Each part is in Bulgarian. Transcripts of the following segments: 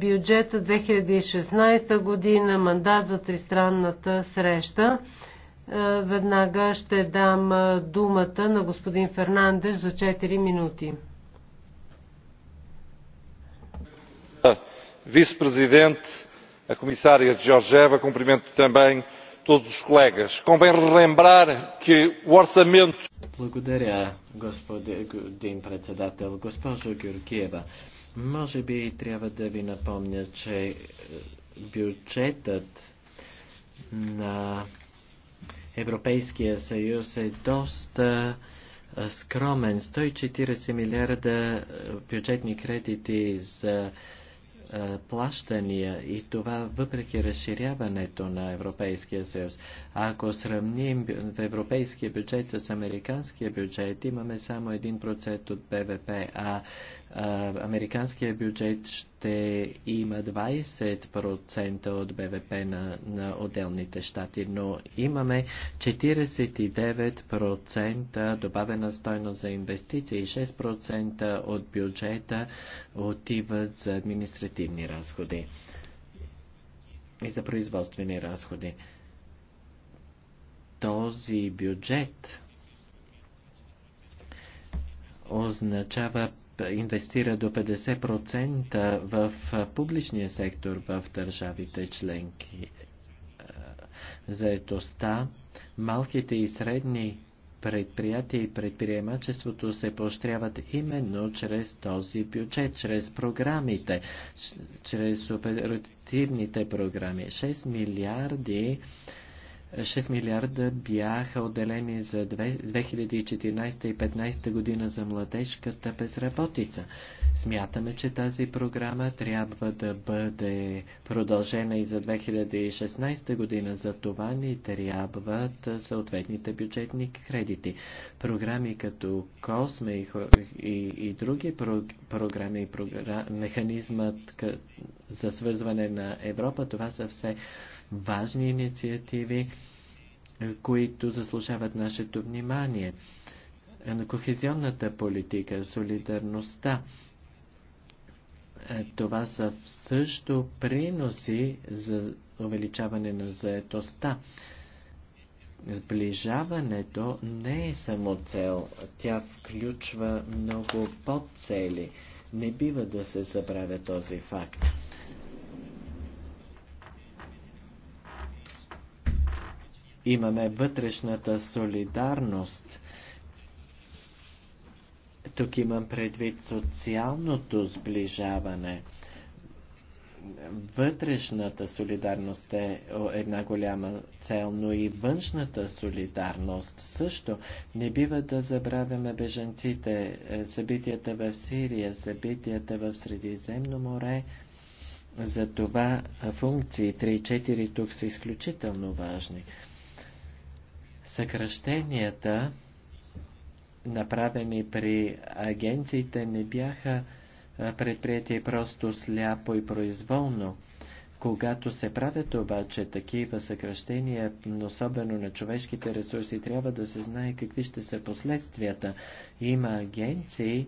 бюджета 2016 година, мандат за тристранната среща. Веднага ще дам думата на господин Фернандеш за 4 минути. Vice-Presidente, a Comissária Georgieva, cumprimento também todos os colegas. Convém relembrar que o orçamento. Благодаря, господин председател. Госпожо Георгиева, може би трябва да ви напомня, че е, бюджетът на Европейския съюз е доста е, скромен. 140 милиарда е, бюджетни кредити за плащания и това въпреки разширяването на Европейския съюз. ако сравним европейския бюджет с американския бюджет, имаме само 1% от БВП, а американския бюджет ще има 20% от БВП на, на отделните щати, но имаме 49% добавена стойност за инвестиции и 6% от бюджета отиват за административни разходи и за производствени разходи. Този бюджет означава инвестира до 50% в публичния сектор в държавите членки. Е, Заедостта, малките и средни предприятия и предприемачеството се поощряват именно чрез този бюджет, чрез програмите, чрез оперативните програми. 6 милиарди 6 милиарда бяха отделени за 2014 и 2015 година за младежката безработица. Смятаме, че тази програма трябва да бъде продължена и за 2016 година. За това ни трябват съответните бюджетни кредити. Програми като Косме и, и, и други про, програми и програ... механизмът за свързване на Европа, това са все важни инициативи които заслужават нашето внимание. кохезионната политика, солидарността, е, това са също приноси за увеличаване на заетостта. Сближаването не е само цел, тя включва много подцели. Не бива да се забравя този факт. имаме вътрешната солидарност. Тук имам предвид социалното сближаване. Вътрешната солидарност е една голяма цел, но и външната солидарност също. Не бива да забравяме бежанците, е, събитията в Сирия, събитията в Средиземно море. за това функции 3 и 4 тук са изключително важни. Съкръщенията, направени при агенциите, не бяха предприяти просто сляпо и произволно. Когато се правят обаче такива съкръщения, особено на човешките ресурси, трябва да се знае какви ще са последствията. Има агенции,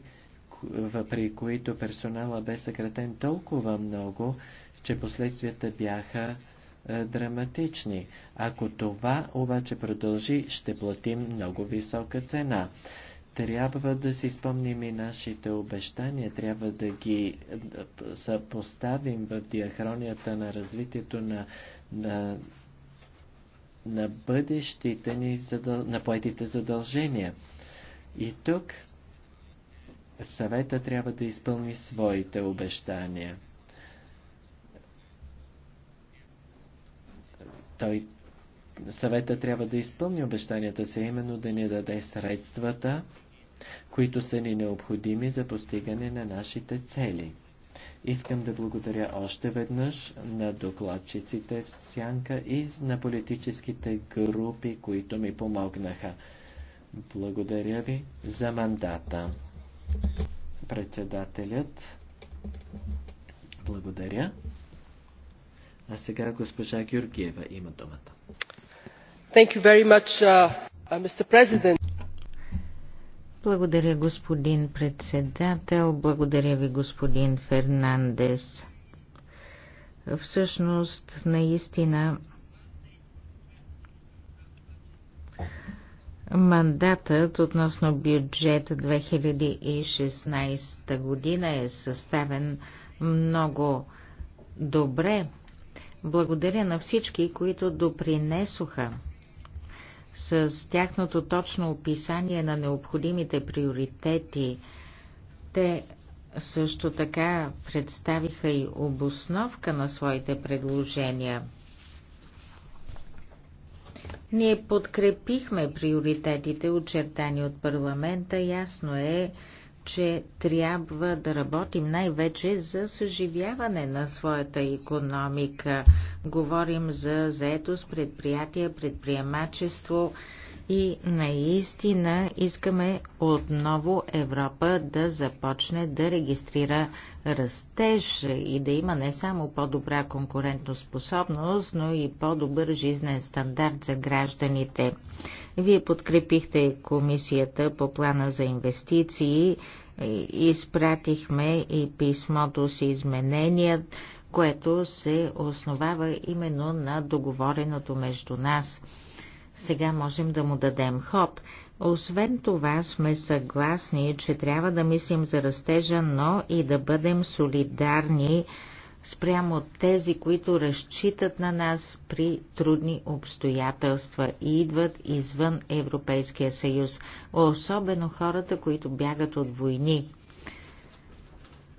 при които персонала бе съкратен толкова много, че последствията бяха е, драматични. Ако това обаче продължи, ще платим много висока цена. Трябва да си спомним и нашите обещания, трябва да ги съпоставим в диахронията на развитието на, на, на бъдещите ни, задъл... на поетите задължения. И тук съвета трябва да изпълни своите обещания. той съвета трябва да изпълни обещанията си, именно да ни даде средствата, които са ни необходими за постигане на нашите цели. Искам да благодаря още веднъж на докладчиците в Сянка и на политическите групи, които ми помогнаха. Благодаря ви за мандата. Председателят, благодаря. А сега госпожа Георгиева има думата. Thank you very much, uh, uh Mr. President. Благодаря, господин председател. Благодаря ви, господин Фернандес. Всъщност, наистина, Мандатът относно бюджет 2016 година е съставен много добре. Благодаря на всички, които допринесоха с тяхното точно описание на необходимите приоритети. Те също така представиха и обосновка на своите предложения. Ние подкрепихме приоритетите, очертани от парламента. Ясно е, че трябва да работим най-вече за съживяване на своята економика. Говорим за заетост, предприятия, предприемачество и наистина искаме отново Европа да започне да регистрира растеж и да има не само по-добра конкурентоспособност, но и по-добър жизнен стандарт за гражданите. Вие подкрепихте комисията по плана за инвестиции, изпратихме и писмото с изменения, което се основава именно на договореното между нас. Сега можем да му дадем ход. Освен това сме съгласни, че трябва да мислим за растежа, но и да бъдем солидарни спрямо тези, които разчитат на нас при трудни обстоятелства и идват извън Европейския съюз, особено хората, които бягат от войни.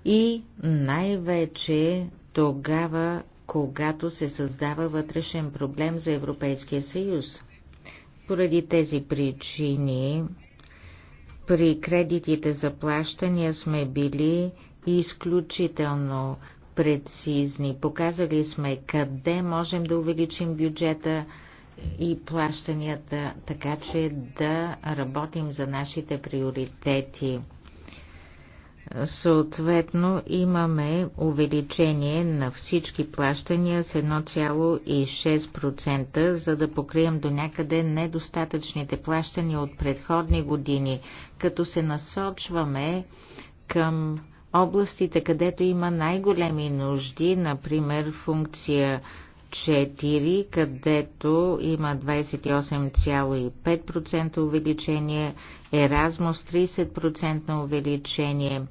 И най-вече тогава, когато се създава вътрешен проблем за Европейския съюз. Поради тези причини при кредитите за плащания сме били изключително прецизни. Показали сме къде можем да увеличим бюджета и плащанията, така че да работим за нашите приоритети. Съответно имаме увеличение на всички плащания с 1,6%, за да покрием до някъде недостатъчните плащания от предходни години, като се насочваме към областите, където има най-големи нужди, например функция 4, където има 28,5% увеличение, Еразмус 30% увеличение –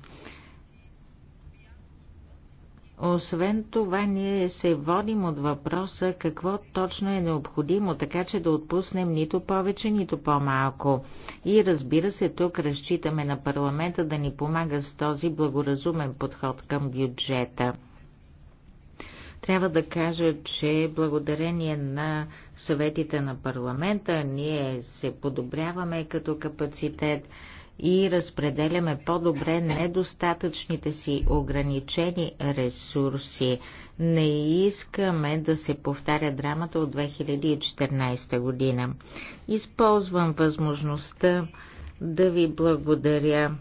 освен това, ние се водим от въпроса какво точно е необходимо, така че да отпуснем нито повече, нито по-малко. И разбира се, тук разчитаме на парламента да ни помага с този благоразумен подход към бюджета. Трябва да кажа, че благодарение на съветите на парламента ние се подобряваме като капацитет и разпределяме по-добре недостатъчните си ограничени ресурси. Не искаме да се повтаря драмата от 2014 година. Използвам възможността да ви благодаря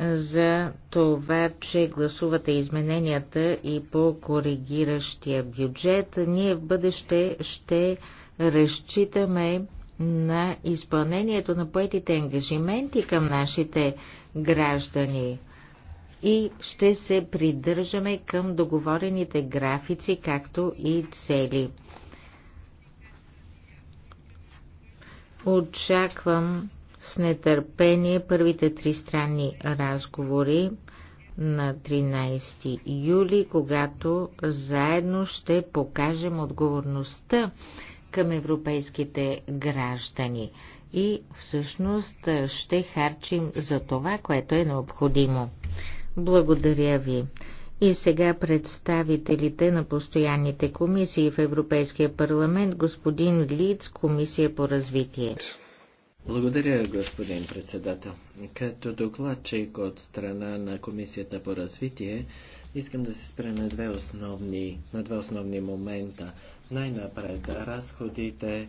за това, че гласувате измененията и по коригиращия бюджет. Ние в бъдеще ще разчитаме на изпълнението на поетите ангажименти към нашите граждани и ще се придържаме към договорените графици, както и цели. Очаквам с нетърпение първите три странни разговори на 13 юли, когато заедно ще покажем отговорността към европейските граждани и всъщност ще харчим за това, което е необходимо. Благодаря ви. И сега представителите на постоянните комисии в Европейския парламент, господин Лиц, Комисия по развитие. Благодаря, господин председател. Като докладчик от страна на Комисията по развитие, Искам да се спра на, две основни, на два основни момента. Най-напред, разходите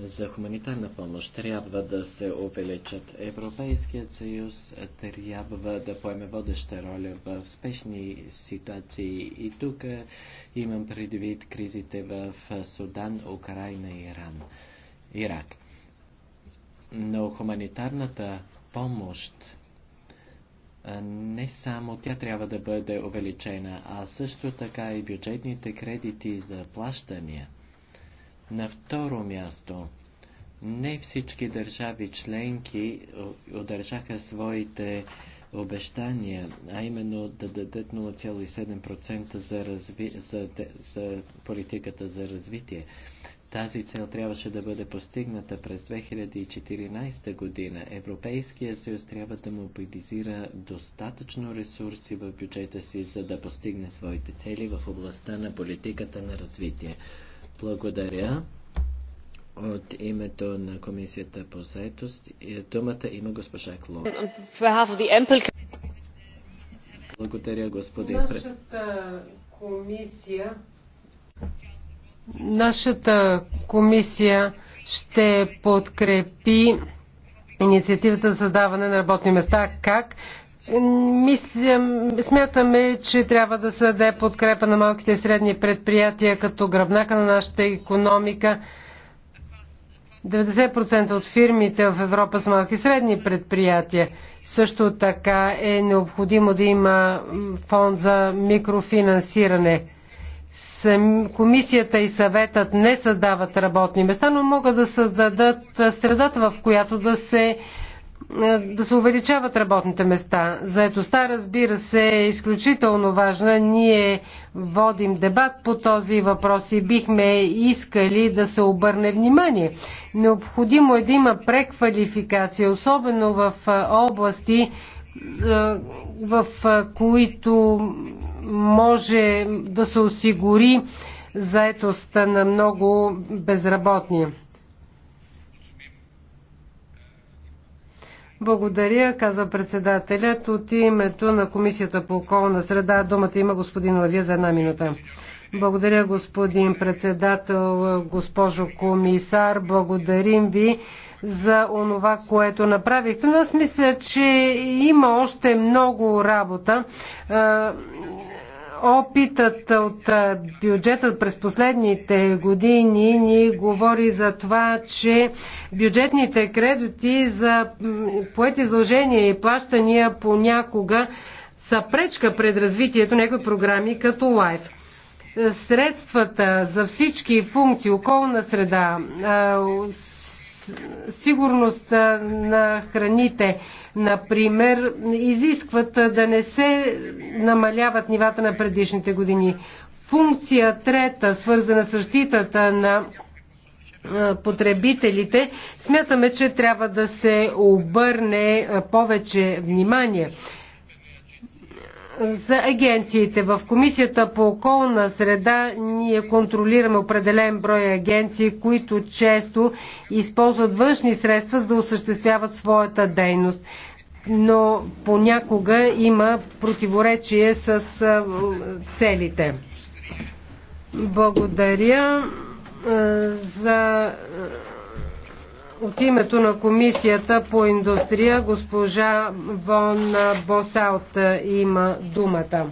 за хуманитарна помощ трябва да се увеличат. Европейският съюз трябва да поеме водеща роля в спешни ситуации. И тук имам предвид кризите в Судан, Украина и Иран. Ирак. Но хуманитарната помощ не само тя трябва да бъде увеличена, а също така и бюджетните кредити за плащания. На второ място, не всички държави членки удържаха своите обещания, а именно да дадат 0,7% за, разви... за... за политиката за развитие. Тази цел трябваше да бъде постигната през 2014 година. Европейския съюз трябва да мобилизира достатъчно ресурси в бюджета си, за да постигне своите цели в областта на политиката на развитие. Благодаря. От името на Комисията по заетост е, думата има госпожа Кло. Благодаря, господин. Нашата комисия Нашата комисия ще подкрепи инициативата за създаване на работни места. Как? Мисля, смятаме, че трябва да се даде подкрепа на малките и средни предприятия като гръбнака на нашата економика. 90% от фирмите в Европа са малки и средни предприятия. Също така е необходимо да има фонд за микрофинансиране комисията и съветът не създават работни места, но могат да създадат средата, в която да се да се увеличават работните места. Заедостта, разбира се, е изключително важна. Ние водим дебат по този въпрос и бихме искали да се обърне внимание. Необходимо е да има преквалификация, особено в области, е, в е, които може да се осигури заетостта на много безработни. Благодаря, каза председателят. От името на Комисията по околна среда думата има господин Лавия за една минута. Благодаря, господин председател, госпожо комисар. Благодарим ви за онова, което направихте. Но аз мисля, че има още много работа. Е, опитът от е, бюджетът през последните години ни говори за това, че бюджетните кредити за поети изложения и плащания понякога са пречка пред развитието на някои програми като LIFE средствата за всички функции, околна среда, е, сигурност на храните, например, изискват да не се намаляват нивата на предишните години. Функция трета, свързана с защитата на потребителите, смятаме, че трябва да се обърне повече внимание за агенциите. В Комисията по околна среда ние контролираме определен брой агенции, които често използват външни средства, за да осъществяват своята дейност. Но понякога има противоречие с целите. Благодаря за от името на Комисията по индустрия госпожа Вон Босалт има думата.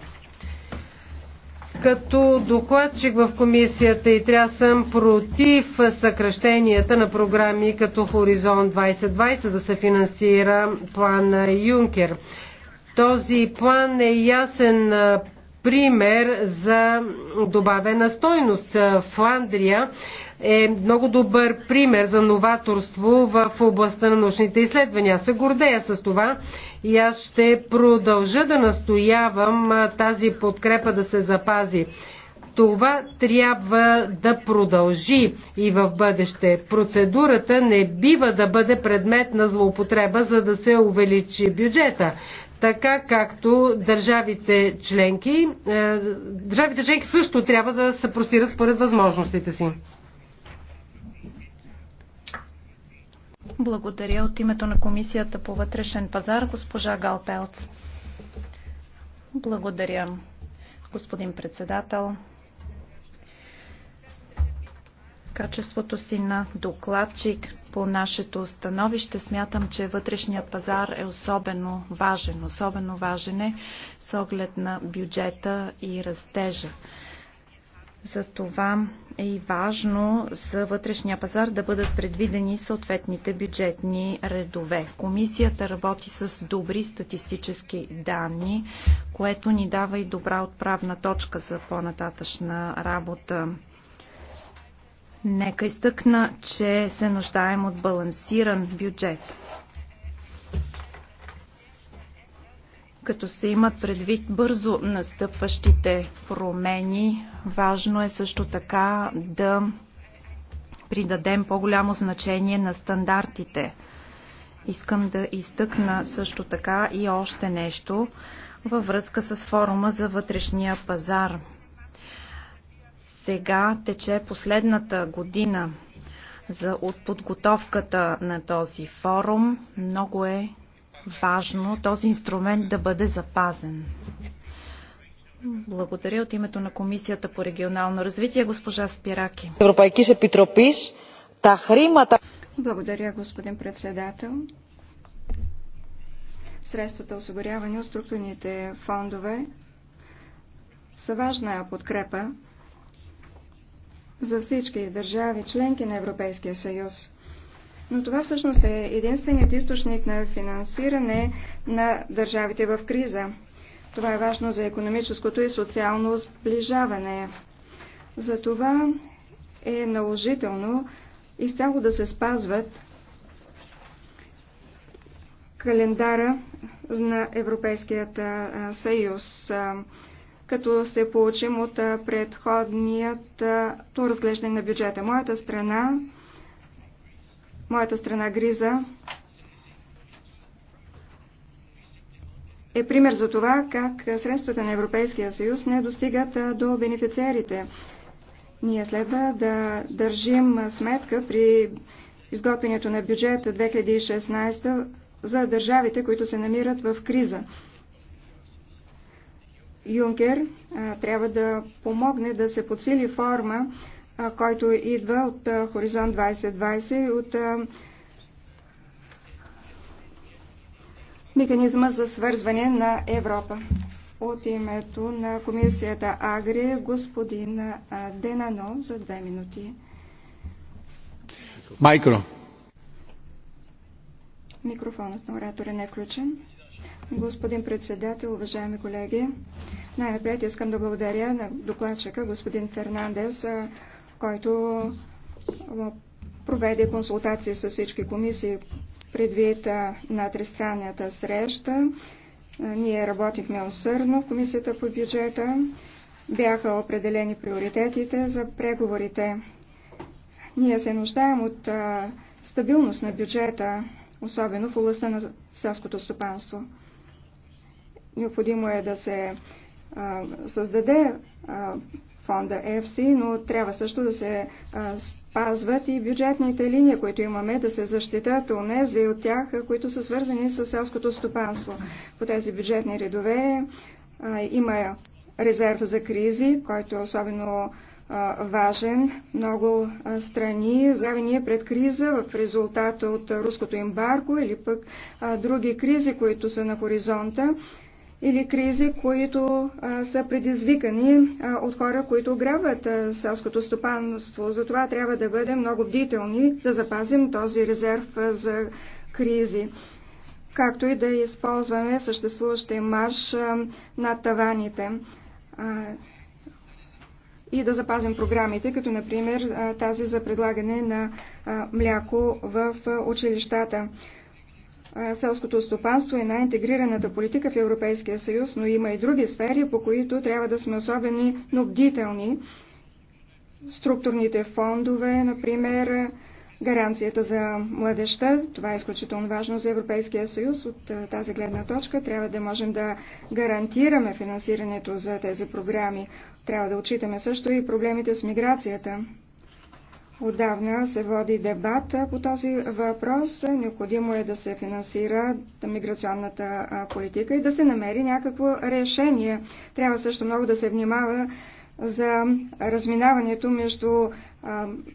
Като докладчик в комисията и трябва съм против съкръщенията на програми като Хоризонт 2020 да се финансира план Юнкер. Този план е ясен пример за добавена стойност. Фландрия е много добър пример за новаторство в областта на научните изследвания. се гордея с това и аз ще продължа да настоявам тази подкрепа да се запази. Това трябва да продължи и в бъдеще. Процедурата не бива да бъде предмет на злоупотреба, за да се увеличи бюджета така както държавите членки. Е, държавите членки също трябва да се простират според възможностите си. Благодаря от името на Комисията по вътрешен пазар, госпожа Галпелц. Благодаря, господин председател. качеството си на докладчик по нашето становище смятам, че вътрешният пазар е особено важен. Особено важен е с оглед на бюджета и растежа. Затова е и важно за вътрешния пазар да бъдат предвидени съответните бюджетни редове. Комисията работи с добри статистически данни, което ни дава и добра отправна точка за по-нататъчна работа. Нека изтъкна, че се нуждаем от балансиран бюджет. Като се имат предвид бързо настъпващите промени, важно е също така да придадем по-голямо значение на стандартите. Искам да изтъкна също така и още нещо във връзка с форума за вътрешния пазар. Сега тече последната година за подготовката на този форум. Много е важно този инструмент да бъде запазен. Благодаря от името на Комисията по регионално развитие, госпожа Спираки. Европейки се питропиш, та хримата... Благодаря, господин председател. Средствата осигурявани от структурните фондове са важна подкрепа за всички държави, членки на Европейския съюз но това всъщност е единственият източник на финансиране на държавите в криза. Това е важно за економическото и социално сближаване. Затова е наложително изцяло да се спазват календара на Европейският съюз, като се получим от предходният разглеждане на бюджета. Моята страна моята страна Гриза е пример за това как средствата на Европейския съюз не достигат до бенефициарите. Ние следва да държим сметка при изготвянето на бюджет 2016 за държавите, които се намират в криза. Юнкер а, трябва да помогне да се подсили форма който идва от Хоризонт 2020 и от механизма за свързване на Европа. От името на комисията Агри, господин Денано за две минути. Майкро. Микрофонът на оратора не е включен. Господин председател, уважаеми колеги, най-напред искам да благодаря на докладчика господин Фернандес който проведе консултации с всички комисии предвид на тристранната среща. Ние работихме усърдно в комисията по бюджета. Бяха определени приоритетите за преговорите. Ние се нуждаем от стабилност на бюджета, особено в областта на селското стопанство. Необходимо е да се създаде фонда ЕФСИ, но трябва също да се спазват и бюджетните линии, които имаме, да се защитат нези от тях, които са свързани с селското стопанство. По тези бюджетни редове има резерв за кризи, който е особено важен. Много страни завени пред криза в резултат от руското ембарго или пък други кризи, които са на хоризонта или кризи, които а, са предизвикани а, от хора, които ограбват а, селското стопанство. Затова трябва да бъдем много бдителни, да запазим този резерв а, за кризи, както и да използваме съществуващия марш а, над таваните. А, и да запазим програмите, като например тази за предлагане на мляко в училищата селското стопанство е най интегрираната политика в Европейския съюз, но има и други сфери, по които трябва да сме но бдителни. Структурните фондове, например, гаранцията за младеща, това е изключително важно за Европейския съюз. От тази гледна точка трябва да можем да гарантираме финансирането за тези програми. Трябва да отчитаме също и проблемите с миграцията. Отдавна се води дебат по този въпрос. Необходимо е да се финансира миграционната политика и да се намери някакво решение. Трябва също много да се внимава за разминаването между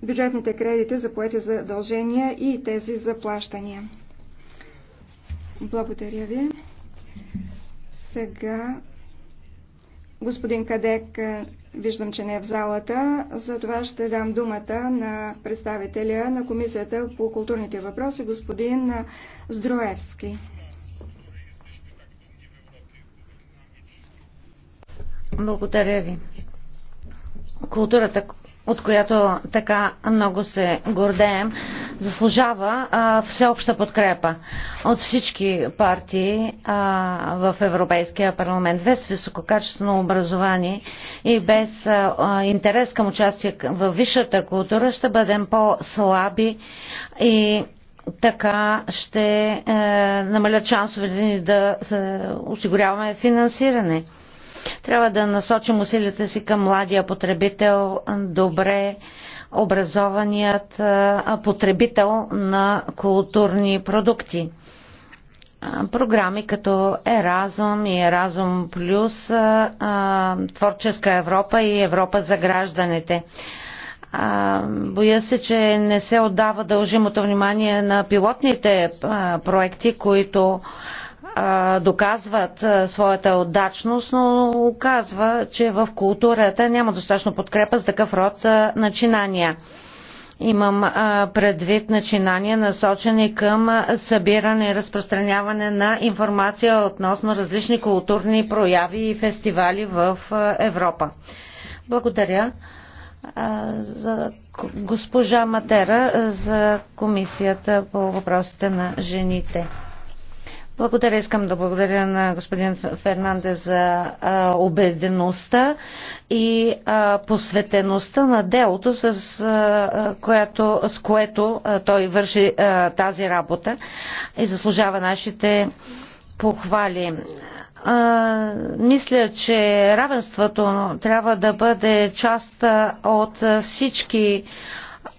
бюджетните кредити за поети задължения и тези за плащания. Благодаря ви. Сега господин Кадек Виждам, че не е в залата, затова ще дам думата на представителя на Комисията по културните въпроси, господин Здроевски. Благодаря ви. Културата от която така много се гордеем, заслужава а, всеобща подкрепа от всички партии а, в Европейския парламент. Без висококачествено образование и без а, интерес към участие в висшата култура ще бъдем по-слаби и така ще е, намалят шансовете ни да е, осигуряваме финансиране. Трябва да насочим усилията си към младия потребител, добре образованият потребител на културни продукти. Програми като Еразум и Еразум Плюс, Творческа Европа и Европа за гражданите. боя се, че не се отдава дължимото внимание на пилотните проекти, които доказват своята отдачност, но оказва, че в културата няма достатъчно подкрепа за такъв род начинания. Имам предвид начинания, насочени към събиране и разпространяване на информация относно различни културни прояви и фестивали в Европа. Благодаря за госпожа Матера за Комисията по въпросите на жените. Благодаря. Искам да благодаря на господин Фернандес за а, убедеността и а, посветеността на делото, с, а, която, с което а, той върши а, тази работа и заслужава нашите похвали. А, мисля, че равенството трябва да бъде част от всички а,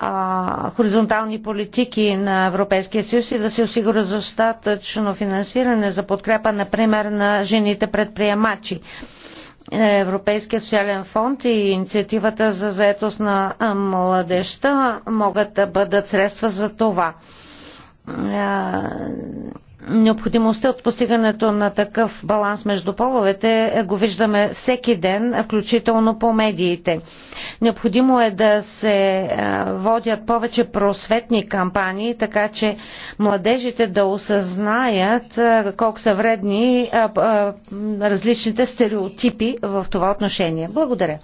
а, хоризонтални политики на Европейския съюз и да се осигури достатъчно финансиране за подкрепа, например, на жените предприемачи. Европейския социален фонд и инициативата за заетост на младеща могат да бъдат средства за това Необходимостта от постигането на такъв баланс между половете е, го виждаме всеки ден, включително по медиите. Необходимо е да се е, водят повече просветни кампании, така че младежите да осъзнаят е, колко са вредни различните стереотипи в това отношение. Благодаря.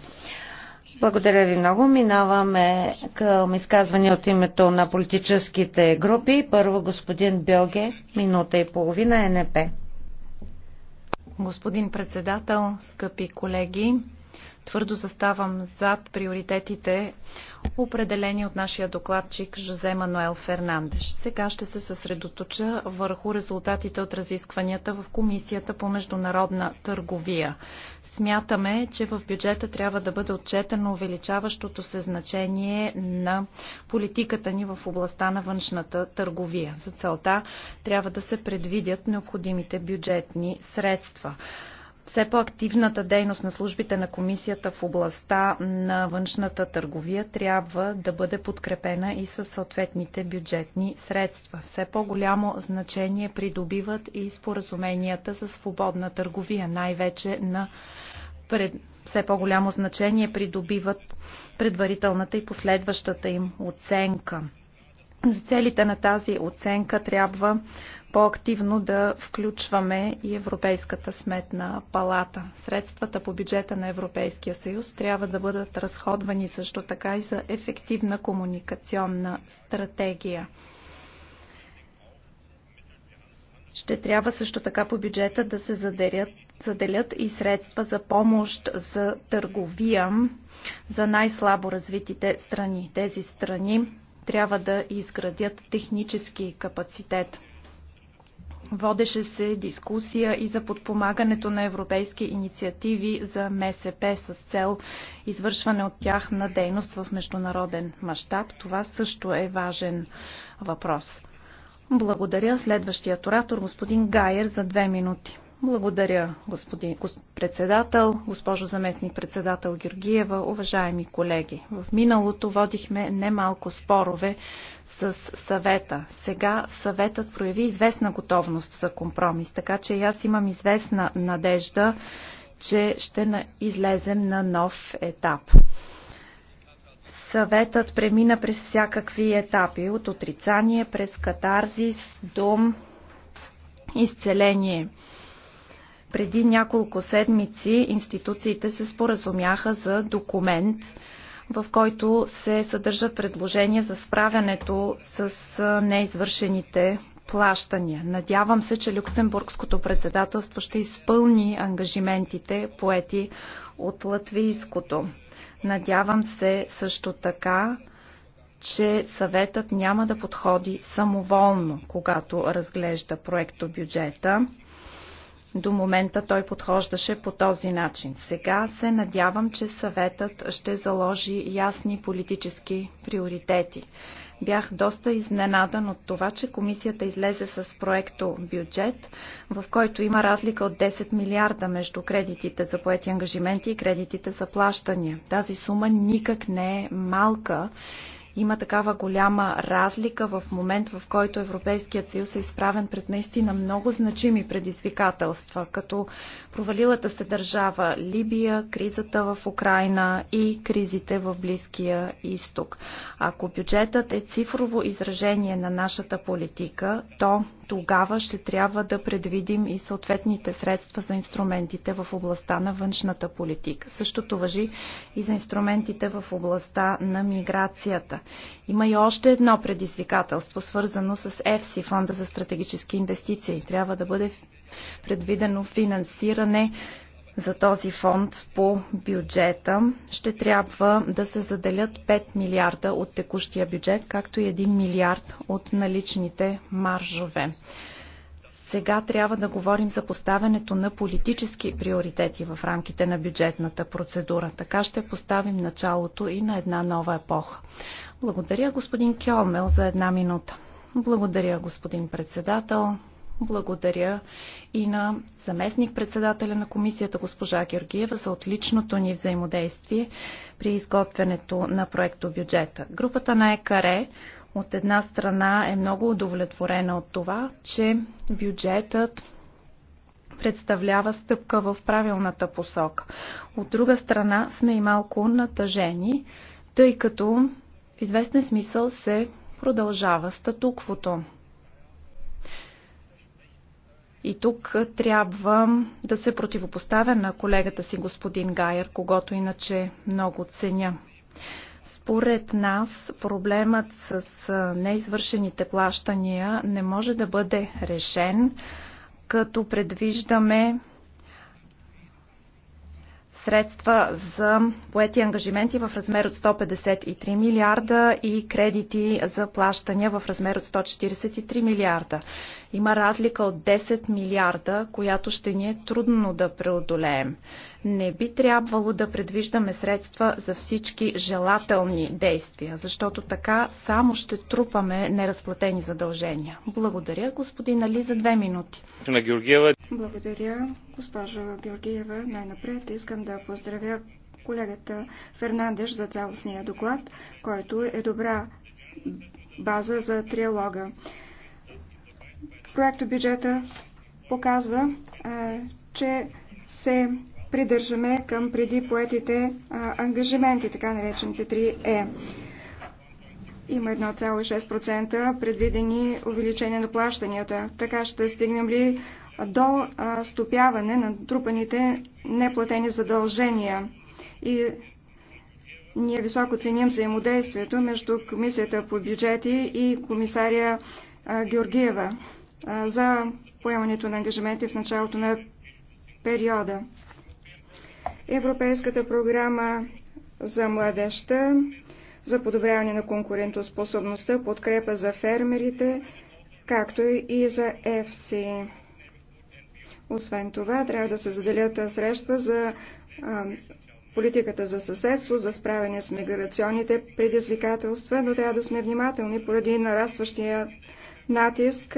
Благодаря ви много. Минаваме към изказване от името на политическите групи. Първо господин Бьоге, минута и половина НП. Господин председател, скъпи колеги, твърдо заставам зад приоритетите определени от нашия докладчик Жозе Мануел Фернандеш. Сега ще се съсредоточа върху резултатите от разискванията в Комисията по международна търговия. Смятаме, че в бюджета трябва да бъде отчетено увеличаващото се значение на политиката ни в областта на външната търговия. За целта трябва да се предвидят необходимите бюджетни средства все по-активната дейност на службите на комисията в областта на външната търговия трябва да бъде подкрепена и със съответните бюджетни средства. Все по-голямо значение придобиват и споразуменията за свободна търговия, най-вече на пред... все по-голямо значение придобиват предварителната и последващата им оценка. За целите на тази оценка трябва по-активно да включваме и Европейската сметна палата. Средствата по бюджета на Европейския съюз трябва да бъдат разходвани също така и за ефективна комуникационна стратегия. Ще трябва също така по бюджета да се задерят, заделят и средства за помощ за търговия за най-слабо развитите страни. Тези страни трябва да изградят технически капацитет. Водеше се дискусия и за подпомагането на европейски инициативи за МСП с цел извършване от тях на дейност в международен мащаб. Това също е важен въпрос. Благодаря. Следващият оратор, господин Гайер, за две минути. Благодаря, господин председател, госпожо заместник председател Георгиева, уважаеми колеги. В миналото водихме немалко спорове с съвета. Сега съветът прояви известна готовност за компромис, така че и аз имам известна надежда, че ще излезем на нов етап. Съветът премина през всякакви етапи, от отрицание през катарзис дом, изцеление. Преди няколко седмици институциите се споразумяха за документ, в който се съдържат предложения за справянето с неизвършените плащания. Надявам се, че Люксембургското председателство ще изпълни ангажиментите поети от латвийското. Надявам се също така, че съветът няма да подходи самоволно, когато разглежда проекто бюджета. До момента той подхождаше по този начин. Сега се надявам, че съветът ще заложи ясни политически приоритети. Бях доста изненадан от това, че комисията излезе с проекто бюджет, в който има разлика от 10 милиарда между кредитите за поети ангажименти и кредитите за плащания. Тази сума никак не е малка има такава голяма разлика в момент, в който Европейският съюз е изправен пред наистина много значими предизвикателства, като провалилата се държава Либия, кризата в Украина и кризите в Близкия изток. Ако бюджетът е цифрово изражение на нашата политика, то тогава ще трябва да предвидим и съответните средства за инструментите в областта на външната политика. Същото въжи и за инструментите в областта на миграцията. Има и още едно предизвикателство, свързано с ЕФСИ, Фонда за стратегически инвестиции. Трябва да бъде предвидено финансиране за този фонд по бюджета. Ще трябва да се заделят 5 милиарда от текущия бюджет, както и 1 милиард от наличните маржове сега трябва да говорим за поставянето на политически приоритети в рамките на бюджетната процедура. Така ще поставим началото и на една нова епоха. Благодаря, господин Кьомел, за една минута. Благодаря, господин председател. Благодаря и на заместник-председателя на комисията госпожа Георгиева за отличното ни взаимодействие при изготвянето на проекто бюджета. Групата на ЕКАРЕ от една страна е много удовлетворена от това, че бюджетът представлява стъпка в правилната посока. От друга страна сме и малко натъжени, тъй като в известен смисъл се продължава статуквото. И тук трябва да се противопоставя на колегата си господин Гайер, когато иначе много ценя. Според нас проблемът с неизвършените плащания не може да бъде решен, като предвиждаме средства за поети ангажименти в размер от 153 милиарда и кредити за плащания в размер от 143 милиарда. Има разлика от 10 милиарда, която ще ни е трудно да преодолеем. Не би трябвало да предвиждаме средства за всички желателни действия, защото така само ще трупаме неразплатени задължения. Благодаря, господин Али, за две минути. На Георгиева. Благодаря, госпожо Георгиева. Най-напред искам да поздравя колегата Фернандеш за цялостния доклад, който е добра база за триалога. Проекто бюджета показва, че се придържаме към преди поетите ангажименти, така наречените 3Е. Има 1,6% предвидени увеличения на плащанията. Така ще стигнем ли до стопяване на трупаните неплатени задължения. И ние високо ценим взаимодействието между Комисията по бюджети и комисария Георгиева за поемането на ангажименти в началото на периода. Европейската програма за младеща, за подобряване на конкурентоспособността, подкрепа за фермерите, както и за ЕФСИ. Освен това, трябва да се заделят средства за политиката за съседство, за справяне с миграционните предизвикателства, но трябва да сме внимателни поради нарастващия натиск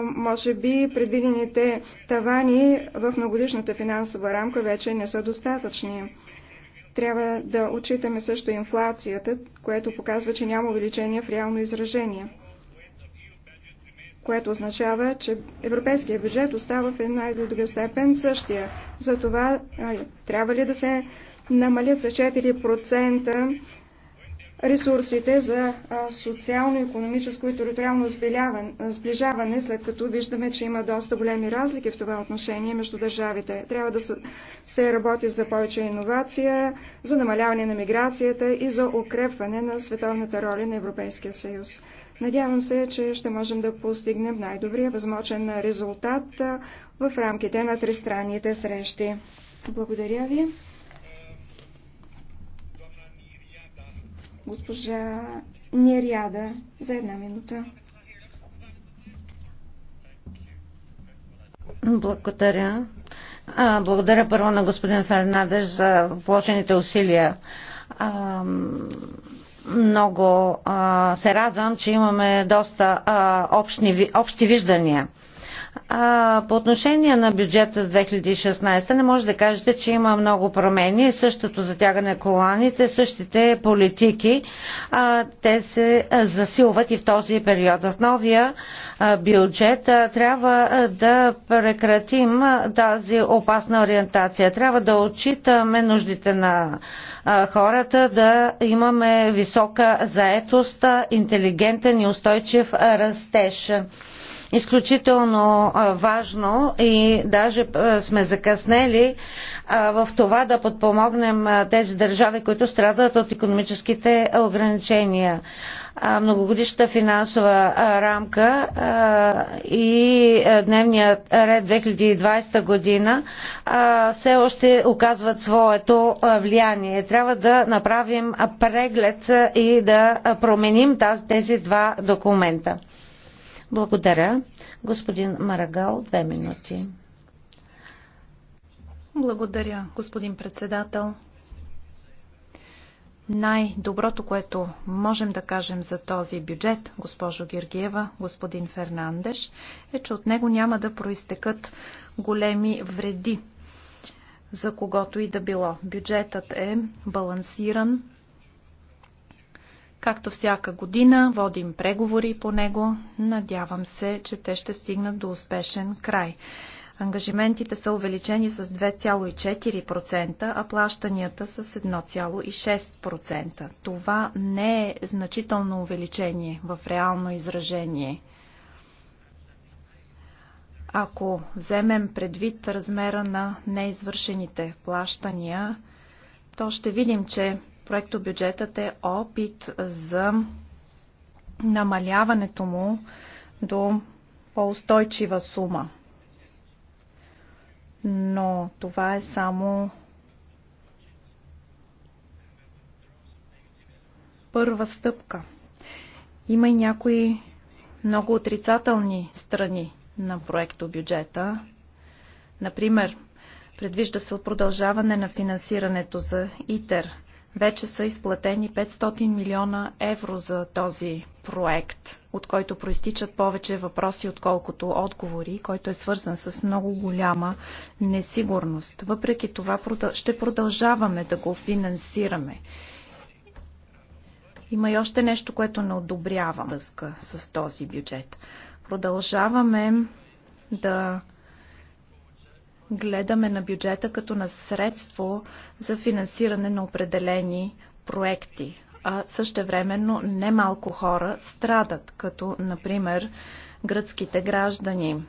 може би предвидените тавани в многодишната финансова рамка вече не са достатъчни. Трябва да отчитаме също инфлацията, което показва, че няма увеличение в реално изражение, което означава, че европейския бюджет остава в една или друга степен същия. Затова трябва ли да се намалят за 4% ресурсите за социално, економическо и териториално сближаване, след като виждаме, че има доста големи разлики в това отношение между държавите. Трябва да се работи за повече иновация, за намаляване на миграцията и за укрепване на световната роля на Европейския съюз. Надявам се, че ще можем да постигнем най-добрия възможен резултат в рамките на тристранните срещи. Благодаря ви. госпожа Неряда за една минута. Благодаря. А, благодаря първо на господин Фернандеш за вложените усилия. А, много а, се радвам, че имаме доста а, общни, общи виждания а, по отношение на бюджета с 2016 не може да кажете, че има много промени, същото затягане коланите, същите политики. А, те се засилват и в този период. В новия а, бюджет а, трябва да прекратим а, тази опасна ориентация. Трябва да отчитаме нуждите на а, хората, да имаме висока заетост, интелигентен и устойчив растеж изключително важно и даже сме закъснели в това да подпомогнем тези държави, които страдат от економическите ограничения многогодишната финансова рамка и дневният ред 2020 година все още оказват своето влияние. Трябва да направим преглед и да променим тези два документа. Благодаря. Господин Марагал, две минути. Благодаря, господин председател. Най-доброто, което можем да кажем за този бюджет, госпожо Гергиева, господин Фернандеш, е, че от него няма да проистекат големи вреди за когото и да било. Бюджетът е балансиран, Както всяка година, водим преговори по него. Надявам се, че те ще стигнат до успешен край. Ангажиментите са увеличени с 2,4%, а плащанията с 1,6%. Това не е значително увеличение в реално изражение. Ако вземем предвид размера на неизвършените плащания, то ще видим, че Проектобюджетът е опит за намаляването му до по-устойчива сума. Но това е само първа стъпка. Има и някои много отрицателни страни на проекто бюджета. Например, предвижда се продължаване на финансирането за ИТЕР. Вече са изплатени 500 милиона евро за този проект, от който проистичат повече въпроси, отколкото отговори, който е свързан с много голяма несигурност. Въпреки това ще продължаваме да го финансираме. Има и още нещо, което не одобрява връзка с този бюджет. Продължаваме да гледаме на бюджета като на средство за финансиране на определени проекти. А същевременно немалко хора страдат, като например гръцките граждани.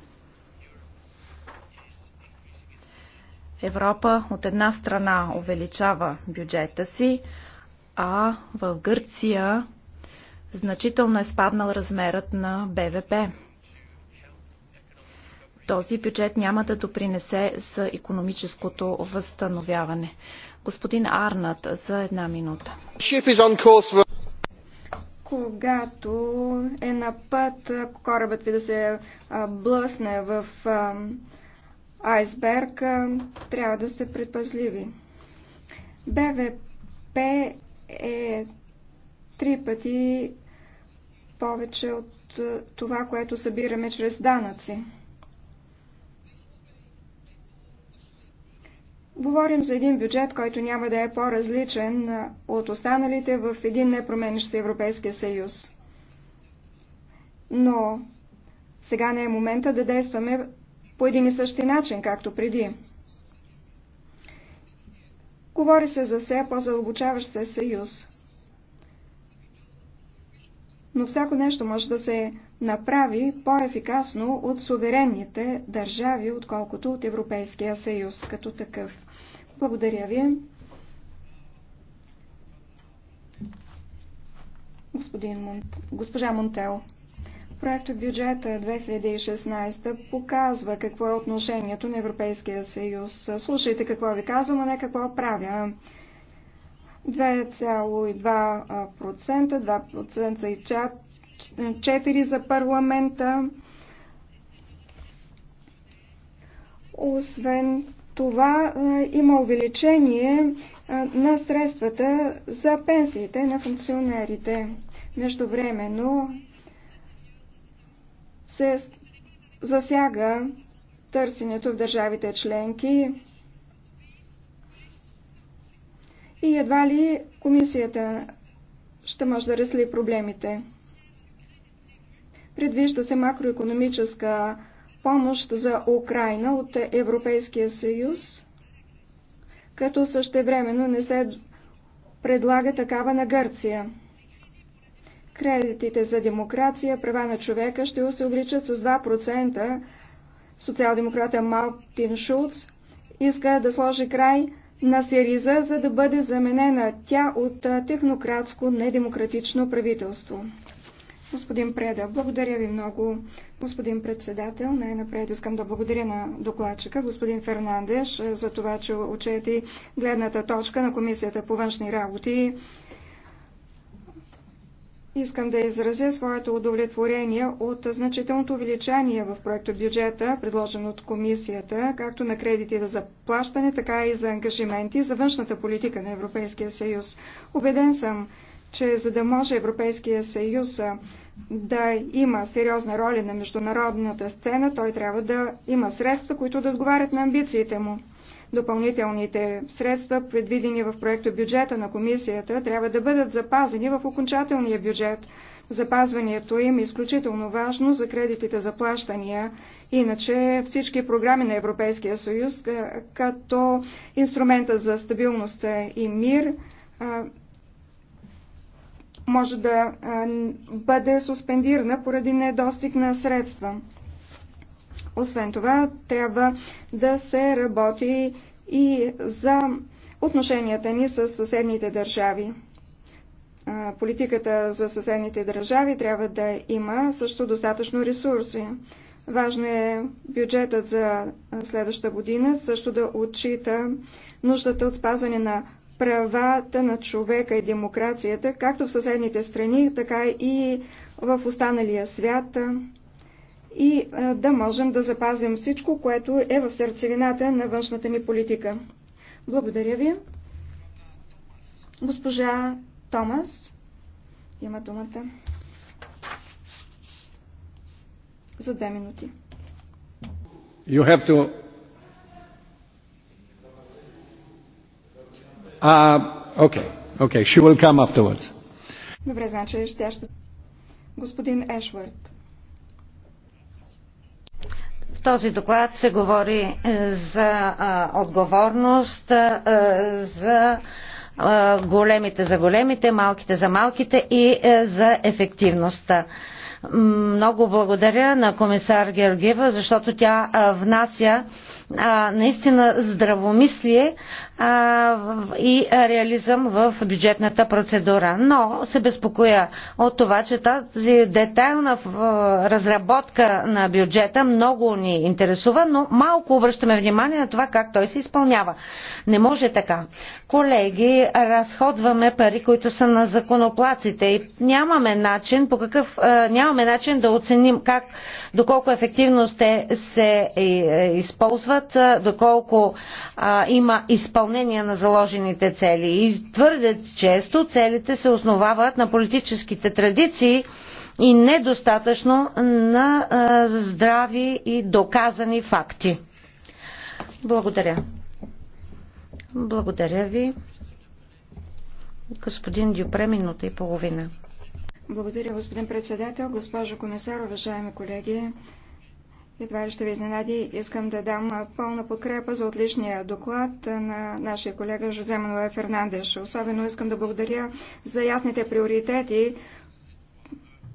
Европа от една страна увеличава бюджета си, а в Гърция значително е спаднал размерът на БВП този бюджет няма да допринесе за економическото възстановяване. Господин Арнат, за една минута. Когато е на път корабът ви да се блъсне в айсберг, трябва да сте предпазливи. БВП е три пъти повече от това, което събираме чрез данъци. Говорим за един бюджет, който няма да е по-различен от останалите в един непроменещ се Европейски съюз. Но сега не е момента да действаме по един и същи начин, както преди. Говори се за все по-задълбочаващ се съюз но всяко нещо може да се направи по-ефикасно от суверенните държави, отколкото от Европейския съюз като такъв. Благодаря ви. Господин Монт... Госпожа Монтел. Проектът бюджета 2016 показва какво е отношението на Европейския съюз. Слушайте какво ви казвам, а не какво правя. 2,2%, 2% и 4% за парламента. Освен това има увеличение на средствата за пенсиите на функционерите. Междувременно се засяга търсенето в държавите членки и едва ли комисията ще може да разли проблемите. Предвижда се макроекономическа помощ за Украина от Европейския съюз, като същевременно не се предлага такава на Гърция. Кредитите за демокрация, права на човека ще се увеличат с 2%. Социал-демократа Мартин Шулц иска да сложи край на сериза, за да бъде заменена тя от технократско недемократично правителство. Господин Преда, благодаря ви много. Господин председател, най-напред искам да благодаря на докладчика, господин Фернандеш, за това, че очети гледната точка на Комисията по външни работи Искам да изразя своето удовлетворение от значителното увеличение в проекто бюджета, предложен от комисията, както на кредитите за плащане, така и за ангажименти за външната политика на Европейския съюз. Обеден съм, че за да може Европейския съюз да има сериозна роля на международната сцена, той трябва да има средства, които да отговарят на амбициите му. Допълнителните средства, предвидени в проекта бюджета на комисията, трябва да бъдат запазени в окончателния бюджет. Запазването им е изключително важно за кредитите за плащания, иначе всички програми на Европейския съюз, като инструмента за стабилност и мир, може да бъде суспендирана поради недостиг на средства. Освен това, трябва да се работи и за отношенията ни с съседните държави. Политиката за съседните държави трябва да има също достатъчно ресурси. Важно е бюджетът за следващата година също да отчита нуждата от спазване на правата на човека и демокрацията, както в съседните страни, така и в останалия свят и е, да можем да запазим всичко, което е в сърцевината на външната ни политика. Благодаря ви. Госпожа Томас има думата за две минути. You have to... Uh, okay, okay, she will come afterwards. Добре, значи тя ще... Господин Ешвард този доклад се говори е, за отговорност, е, за големите за големите, малките за малките и е, за ефективността. Много благодаря на комисар Георгиева, защото тя внася а, наистина здравомислие а, и реализъм в бюджетната процедура. Но се безпокоя от това, че тази детайлна разработка на бюджета много ни интересува, но малко обръщаме внимание на това как той се изпълнява. Не може така. Колеги, разходваме пари, които са на законоплаците и нямаме начин, по какъв, нямаме начин да оценим как, доколко ефективно те се е, използват показват доколко а, има изпълнение на заложените цели. И твърде често целите се основават на политическите традиции и недостатъчно на а, здрави и доказани факти. Благодаря. Благодаря ви. Господин Дюпре, минута и половина. Благодаря, господин председател, госпожо комисар, уважаеми колеги едва ли ще ви изненади, искам да дам пълна подкрепа за отличния доклад на нашия колега Жозе Мануел Фернандеш. Особено искам да благодаря за ясните приоритети,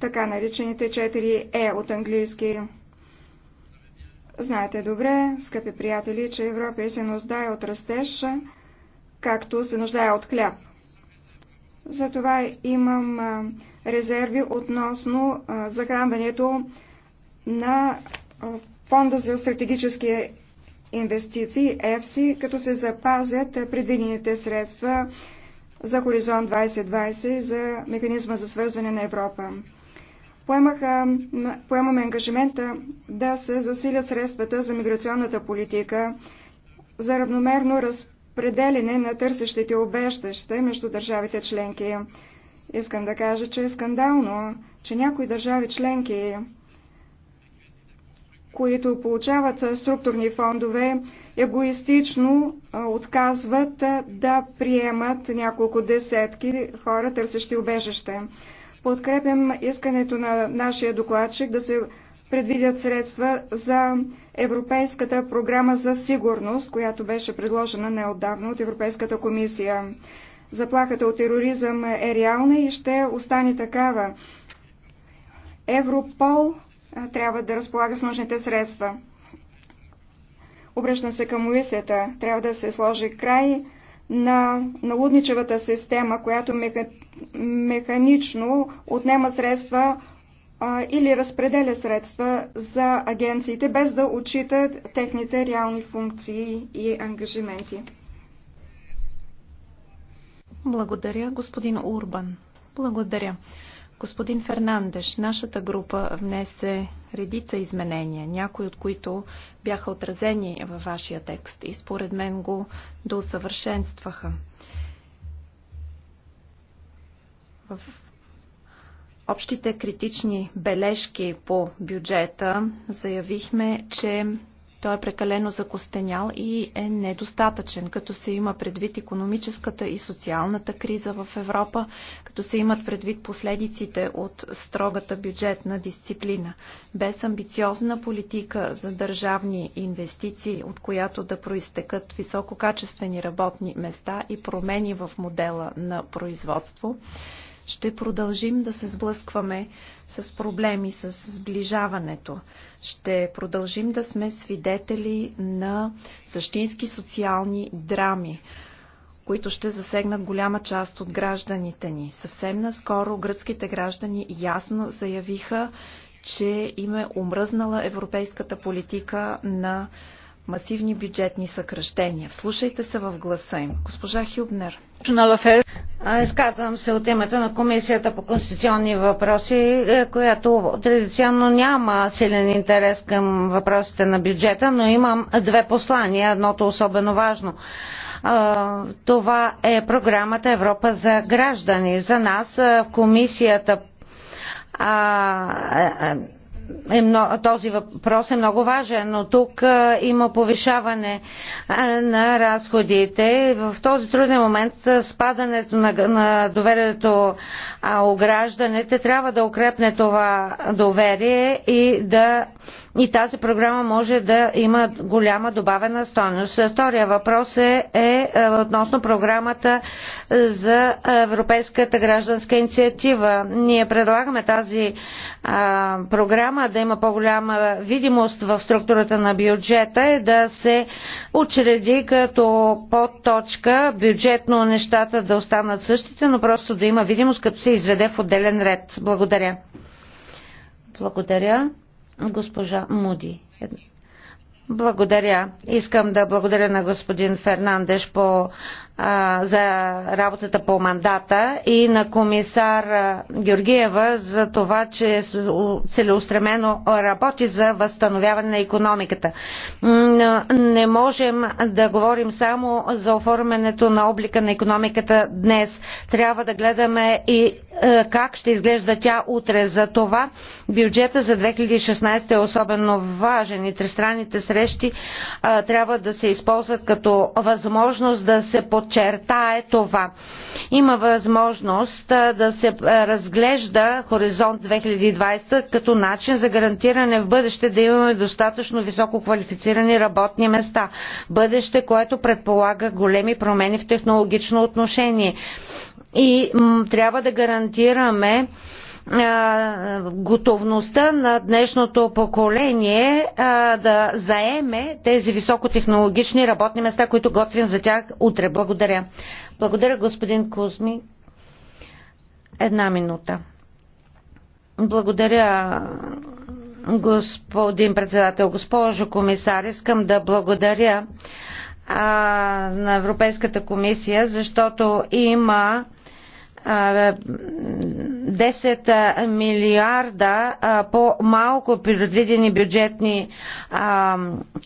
така наречените 4Е от английски. Знаете добре, скъпи приятели, че Европа се нуждае от растеж, както се нуждае от хляб. Затова имам резерви относно захранването на Фонда за стратегически инвестиции, ЕФСИ, като се запазят предвидените средства за Хоризонт 2020 за механизма за свързване на Европа. Поемаха, поемаме ангажимента да се засилят средствата за миграционната политика, за равномерно разпределене на търсещите обещаща между държавите членки. Искам да кажа, че е скандално, че някои държави членки които получават структурни фондове, егоистично отказват да приемат няколко десетки хора, търсещи убежище. Подкрепям искането на нашия докладчик да се предвидят средства за Европейската програма за сигурност, която беше предложена неотдавна от Европейската комисия. Заплахата от тероризъм е реална и ще остане такава. Европол трябва да разполага с нужните средства. Обръщам се към Уисията. Трябва да се сложи край на налудничевата система, която меха... механично отнема средства а, или разпределя средства за агенциите, без да отчита техните реални функции и ангажименти. Благодаря, господин Урбан. Благодаря. Господин Фернандеш, нашата група внесе редица изменения, някои от които бяха отразени във вашия текст и според мен го доусъвършенстваха. В общите критични бележки по бюджета заявихме, че той е прекалено закостенял и е недостатъчен, като се има предвид економическата и социалната криза в Европа, като се имат предвид последиците от строгата бюджетна дисциплина. Без амбициозна политика за държавни инвестиции, от която да проистекат висококачествени работни места и промени в модела на производство, ще продължим да се сблъскваме с проблеми с сближаването. Ще продължим да сме свидетели на същински социални драми които ще засегнат голяма част от гражданите ни. Съвсем наскоро гръцките граждани ясно заявиха, че им е омръзнала европейската политика на масивни бюджетни съкръщения. Вслушайте се в гласа им. Госпожа Хюбнер. Изказвам се от името на Комисията по конституционни въпроси, е, която традиционно няма силен интерес към въпросите на бюджета, но имам две послания, едното особено важно. Това е програмата Европа за граждани. За нас е, в Комисията е, е много, този въпрос е много важен, но тук а, е, има повишаване а, е, на разходите. В този труден момент а, е, спадането на, на доверието у гражданите трябва да укрепне това доверие и да и тази програма може да има голяма добавена стойност. Втория въпрос е, е, е относно програмата за Европейската гражданска инициатива. Ние предлагаме тази а, програма да има по-голяма видимост в структурата на бюджета и да се учреди като подточка бюджетно нещата да останат същите, но просто да има видимост като се изведе в отделен ред. Благодаря. Благодаря. Госпожа Муди. Благодаря. Искам да благодаря на господин Фернандеш по за работата по мандата и на комисар Георгиева за това, че целеустремено работи за възстановяване на економиката. Не можем да говорим само за оформянето на облика на економиката днес. Трябва да гледаме и е, как ще изглежда тя утре. За това бюджета за 2016 е особено важен и тристранните срещи трябва да се използват като възможност да се под подчертае това. Има възможност да се разглежда Хоризонт 2020 като начин за гарантиране в бъдеще да имаме достатъчно високо квалифицирани работни места. Бъдеще, което предполага големи промени в технологично отношение. И трябва да гарантираме готовността на днешното поколение да заеме тези високотехнологични работни места, които готвим за тях утре. Благодаря. Благодаря, господин Кузми. Една минута. Благодаря, господин председател, госпожо комисар. Искам да благодаря а, на Европейската комисия, защото има 10 милиарда по-малко предвидени бюджетни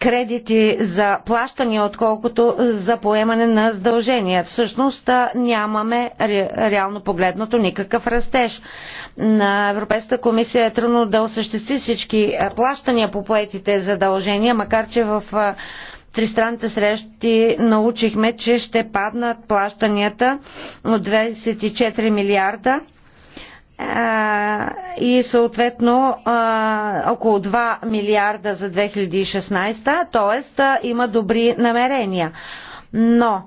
кредити за плащания, отколкото за поемане на задължения. Всъщност нямаме реално погледнато никакъв растеж. На Европейската комисия е трудно да осъществи всички плащания по поетите задължения, макар че в тристранните срещи научихме, че ще паднат плащанията от 24 милиарда и съответно около 2 милиарда за 2016, т.е. има добри намерения. Но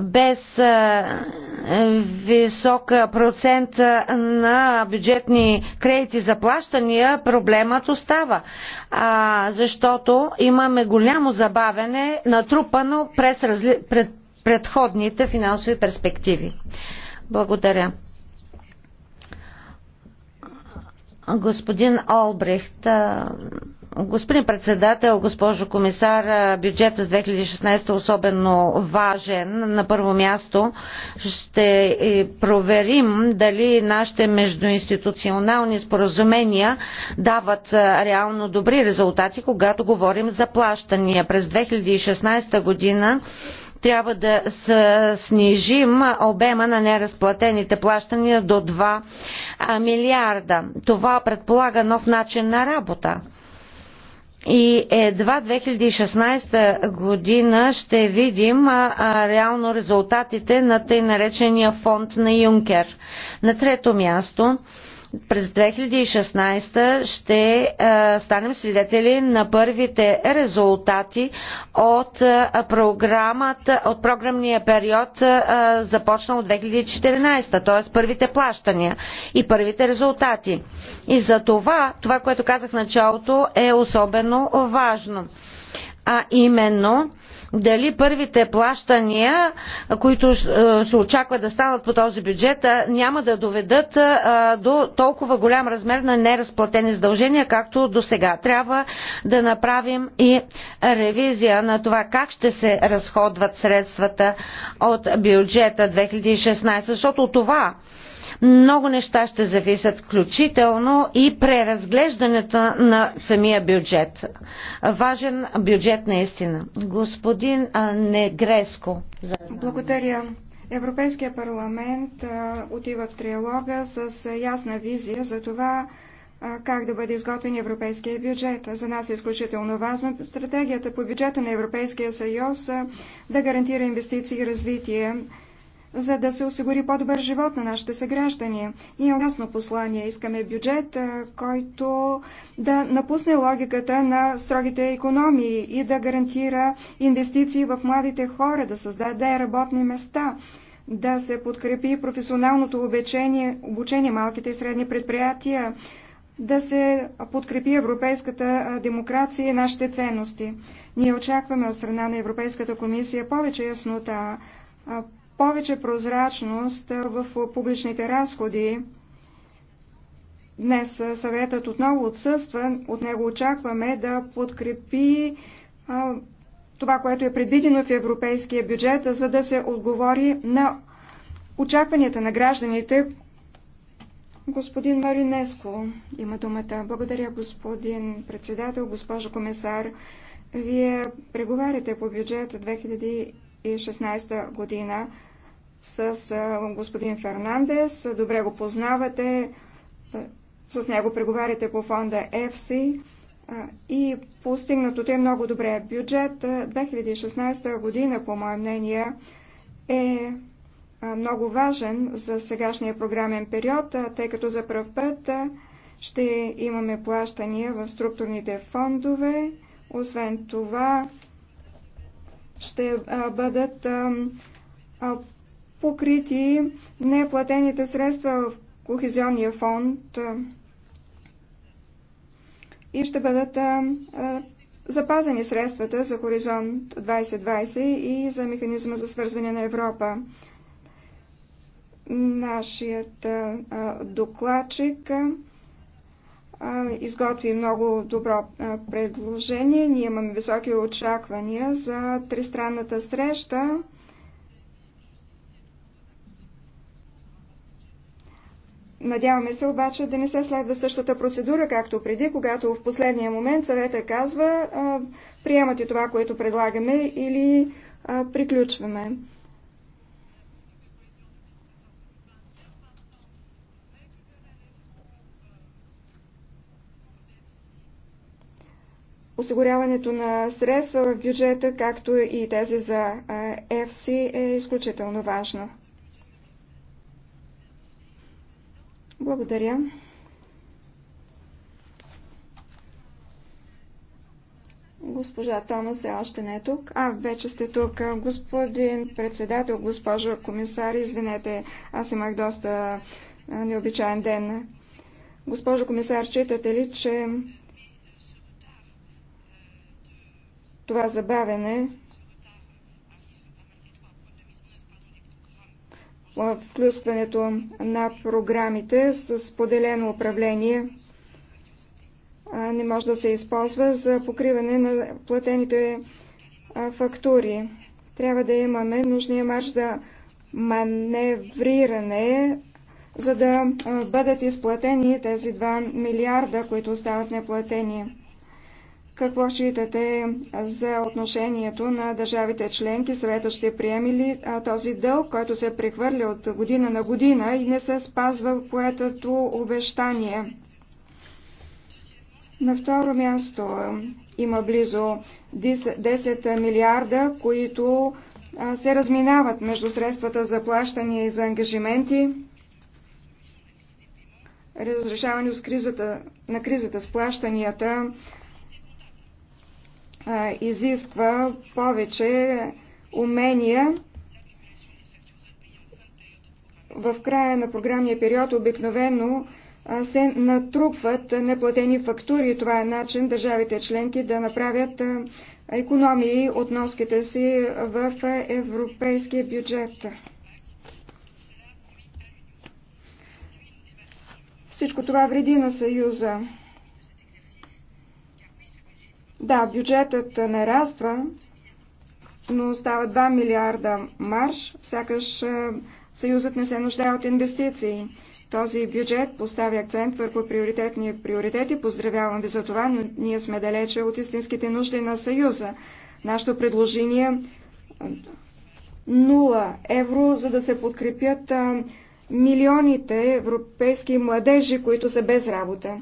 без е, висок процент на бюджетни кредити за плащания, проблемът остава. защото имаме голямо забавене, натрупано през разли... пред... предходните финансови перспективи. Благодаря. Господин Олбрехт, Господин председател, госпожо комисар, бюджет с 2016 е особено важен. На първо място ще проверим дали нашите междуинституционални споразумения дават реално добри резултати, когато говорим за плащания. През 2016 година трябва да снижим обема на неразплатените плащания до 2 милиарда. Това предполага нов начин на работа. И едва 2016 година ще видим а, а, реално резултатите на тъй наречения фонд на Юнкер. На трето място през 2016 ще а, станем свидетели на първите резултати от а, програмата, от програмния период а, започнал от 2014, т.е. първите плащания и първите резултати. И за това, това, което казах в началото, е особено важно. А именно, дали първите плащания, които е, се очаква да станат по този бюджет, е, няма да доведат е, до толкова голям размер на неразплатени задължения, както до сега. Трябва да направим и ревизия на това как ще се разходват средствата от бюджета 2016, защото това много неща ще зависят, включително и преразглеждането на самия бюджет. Важен бюджет наистина. Господин Негреско. за Благодаря. Европейския парламент а, отива в триалога с а, ясна визия за това а, как да бъде изготвен европейския бюджет. За нас е изключително важно стратегията по бюджета на Европейския съюз да гарантира инвестиции и развитие за да се осигури по-добър живот на нашите съграждани. Ние ясно послание искаме бюджет, който да напусне логиката на строгите економии и да гарантира инвестиции в младите хора, да създаде работни места да се подкрепи професионалното обучение, обучение малките и средни предприятия, да се подкрепи европейската демокрация и нашите ценности. Ние очакваме от страна на Европейската комисия повече яснота повече прозрачност в публичните разходи. Днес съветът отново отсъства, от него очакваме да подкрепи а, това, което е предвидено в европейския бюджет, за да се отговори на очакванията на гражданите. Господин Маринеско има думата. Благодаря, господин председател, госпожо комисар. Вие преговаряте по бюджет 2016 година с господин Фернандес. Добре го познавате. С него преговаряте по фонда EFSI и постигнатото е много добре. Бюджет 2016 година, по мое мнение, е много важен за сегашния програмен период, тъй като за първ път ще имаме плащания в структурните фондове. Освен това, ще бъдат покрити неплатените средства в Кохезионния фонд и ще бъдат запазени средствата за Хоризонт 2020 и за механизма за свързане на Европа. Нашият докладчик изготви много добро предложение. Ние имаме високи очаквания за тристранната среща Надяваме се обаче да не се следва същата процедура, както преди, когато в последния момент съвета казва приемате това, което предлагаме или приключваме. Осигуряването на средства в бюджета, както и тези за ФСИ, е изключително важно. Благодаря. Госпожа Томас е още не е тук. А, вече сте тук. Господин председател, госпожа комисар, извинете, аз имах доста необичайен ден. Госпожо комисар, читате ли, че това забавене включването на програмите с поделено управление не може да се използва за покриване на платените фактури. Трябва да имаме нужния марш за маневриране, за да бъдат изплатени тези 2 милиарда, които остават неплатени. Какво считате за отношението на държавите членки? Съветът ще приеме ли този дълг, който се прехвърля от година на година и не се спазва поетото обещание? На второ място има близо 10 милиарда, които се разминават между средствата за плащания и за ангажименти. Разрешаване с кризата, на кризата с плащанията изисква повече умения. В края на програмния период обикновено се натрупват неплатени фактури. Това е начин държавите членки да направят економии от носките си в европейския бюджет. Всичко това вреди на Съюза. Да, бюджетът нараства, но става 2 милиарда марш, сякаш е, Съюзът не се нуждае от инвестиции. Този бюджет поставя акцент върху приоритетни приоритети. Поздравявам ви за това, но ние сме далече от истинските нужди на Съюза. Нашето предложение 0 е, евро, за да се подкрепят е, милионите европейски младежи, които са без работа.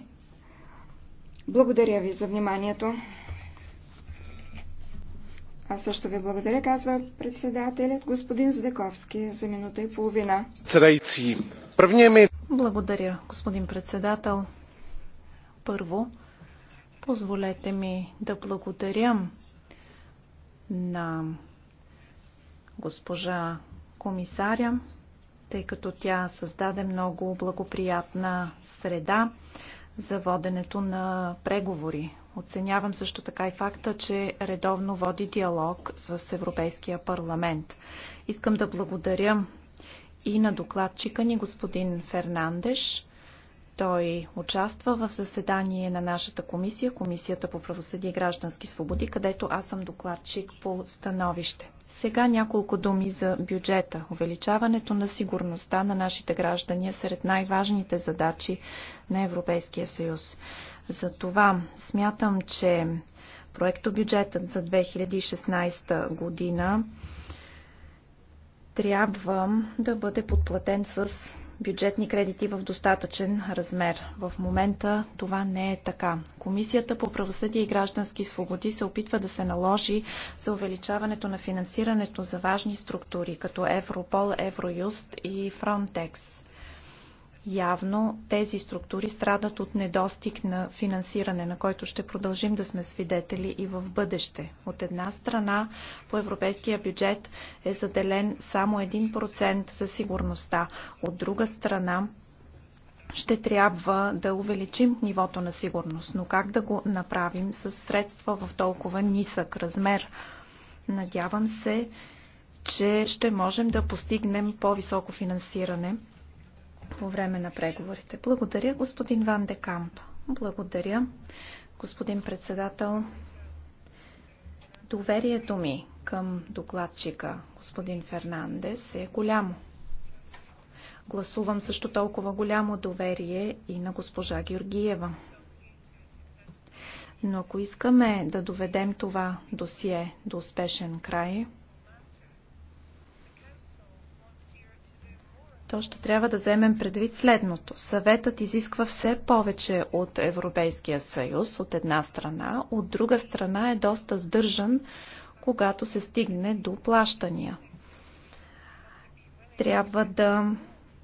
Благодаря ви за вниманието. Аз също ви благодаря, казва председателят господин Здековски за минута и половина. Царайци, първния ми... Благодаря, господин председател. Първо, позволете ми да благодаря на госпожа комисаря, тъй като тя създаде много благоприятна среда за воденето на преговори Оценявам също така и факта, че редовно води диалог с Европейския парламент. Искам да благодаря и на докладчика ни господин Фернандеш той участва в заседание на нашата комисия, Комисията по правосъдие и граждански свободи, където аз съм докладчик по становище. Сега няколко думи за бюджета. Увеличаването на сигурността на нашите граждани е сред най-важните задачи на Европейския съюз. Затова смятам, че проектобюджетът за 2016 година трябва да бъде подплатен с бюджетни кредити в достатъчен размер. В момента това не е така. Комисията по правосъдие и граждански свободи се опитва да се наложи за увеличаването на финансирането за важни структури, като Европол, Евроюст и Фронтекс. Явно тези структури страдат от недостиг на финансиране, на който ще продължим да сме свидетели и в бъдеще. От една страна по европейския бюджет е заделен само 1% за сигурността. От друга страна ще трябва да увеличим нивото на сигурност, но как да го направим с средства в толкова нисък размер? Надявам се, че ще можем да постигнем по-високо финансиране по време на преговорите. Благодаря, господин Ван де Камп. Благодаря, господин председател. Доверието ми към докладчика, господин Фернандес, е голямо. Гласувам също толкова голямо доверие и на госпожа Георгиева. Но ако искаме да доведем това досие до успешен край, то ще трябва да вземем предвид следното. Съветът изисква все повече от Европейския съюз, от една страна, от друга страна е доста сдържан, когато се стигне до плащания. Трябва да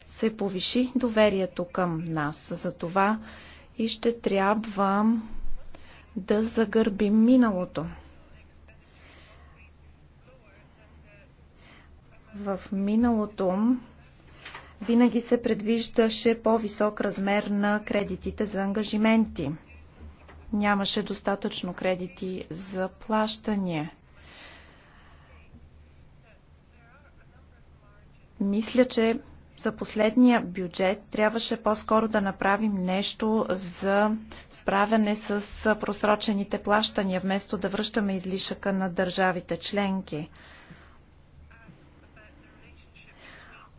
се повиши доверието към нас. За това и ще трябва да загърбим миналото. В миналото винаги се предвиждаше по-висок размер на кредитите за ангажименти. Нямаше достатъчно кредити за плащания. Мисля, че за последния бюджет трябваше по-скоро да направим нещо за справяне с просрочените плащания, вместо да връщаме излишъка на държавите членки.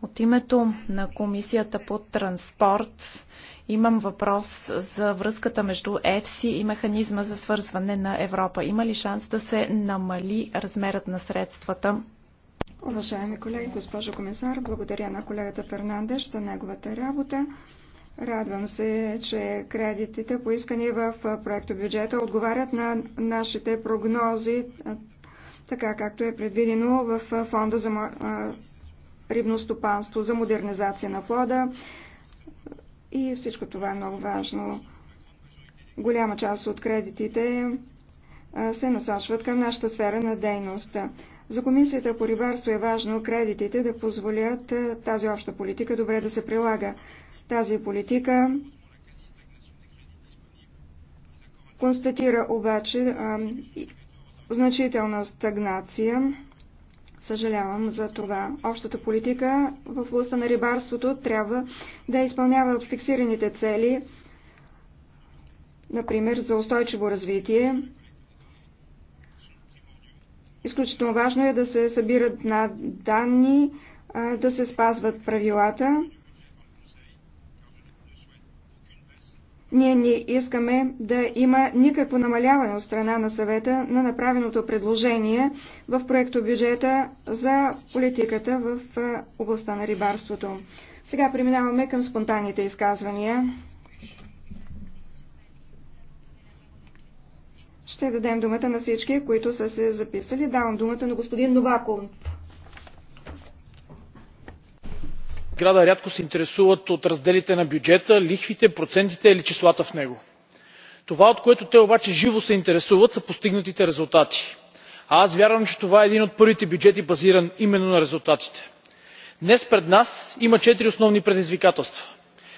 От името на Комисията по транспорт имам въпрос за връзката между ЕФСИ и механизма за свързване на Европа. Има ли шанс да се намали размерът на средствата? Уважаеми колеги, госпожо комисар, благодаря на колегата Фернандеш за неговата работа. Радвам се, че кредитите, поискани в проекто бюджета, отговарят на нашите прогнози, така както е предвидено в фонда за рибно стопанство, за модернизация на флода. И всичко това е много важно. Голяма част от кредитите се насочват към нашата сфера на дейност. За Комисията по рибарство е важно кредитите да позволят тази обща политика добре да се прилага. Тази политика констатира обаче значителна стагнация Съжалявам за това. Общата политика в областта на рибарството трябва да изпълнява фиксираните цели, например за устойчиво развитие. Изключително важно е да се събират на данни, да се спазват правилата. Ние не искаме да има никакво намаляване от страна на съвета на направеното предложение в проекто бюджета за политиката в областта на рибарството. Сега преминаваме към спонтанните изказвания. Ще дадем думата на всички, които са се записали. Давам думата на господин Новаков. сграда рядко се интересуват от разделите на бюджета лихвите процентите или числата в него. това от което те обаче живо се интересуват са постигнатите резултати а аз вярвам че това е един от първите бюджети базиран именно на резултатите. днес пред нас има четири основни предизвикателства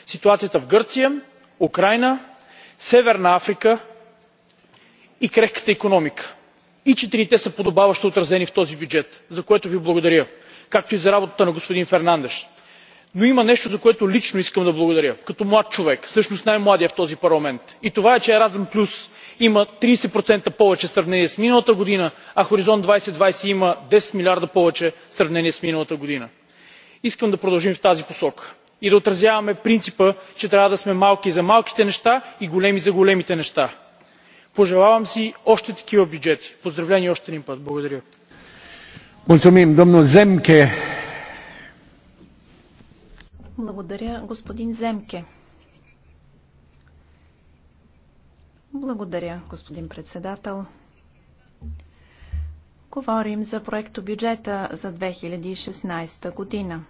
ситуацията в гърция украйна северна африка и крехката икономика. и четирите са подобаващо отразени в този бюджет за което ви благодаря както и за работата на господин фернандеш но има нещо за което лично искам да благодаря като млад човек всъщност най младият в този парламент и това е че еразъм плюс има тридесет повече в сравнение с миналата година а хоризонт 2020 има 10 милиарда повече в сравнение с миналата година. искам да продължим в тази посока и да отразяваме принципа че трябва да сме малки за малките неща и големи за големите неща. пожелавам си още такива бюджети. поздравления още един път. благодаря. Благодаря, господин Земке. Благодаря, господин председател. Говорим за проекто бюджета за 2016 година.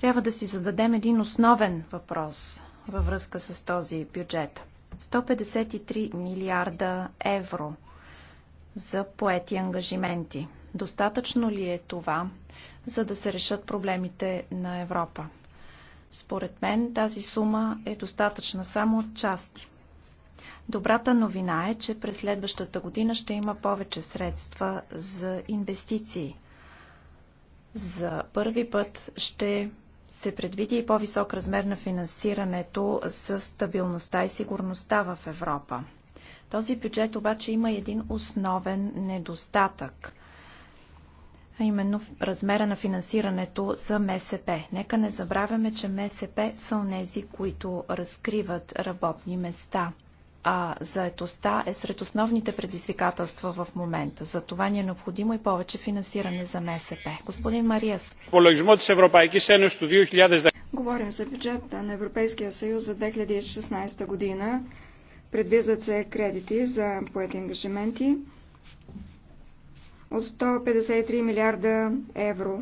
Трябва да си зададем един основен въпрос във връзка с този бюджет. 153 милиарда евро за поети ангажименти. Достатъчно ли е това, за да се решат проблемите на Европа? Според мен тази сума е достатъчна само от части. Добрата новина е, че през следващата година ще има повече средства за инвестиции. За първи път ще се предвиди и по-висок размер на финансирането с стабилността и сигурността в Европа. Този бюджет обаче има един основен недостатък а именно размера на финансирането за МСП. Нека не забравяме, че МСП са онези, които разкриват работни места а заетостта е сред основните предизвикателства в момента. За това ни е необходимо и повече финансиране за МСП. Господин Мариас. Говорим за бюджета на Европейския съюз за 2016 година. Предвиждат се кредити за поети ангажименти от 153 милиарда евро.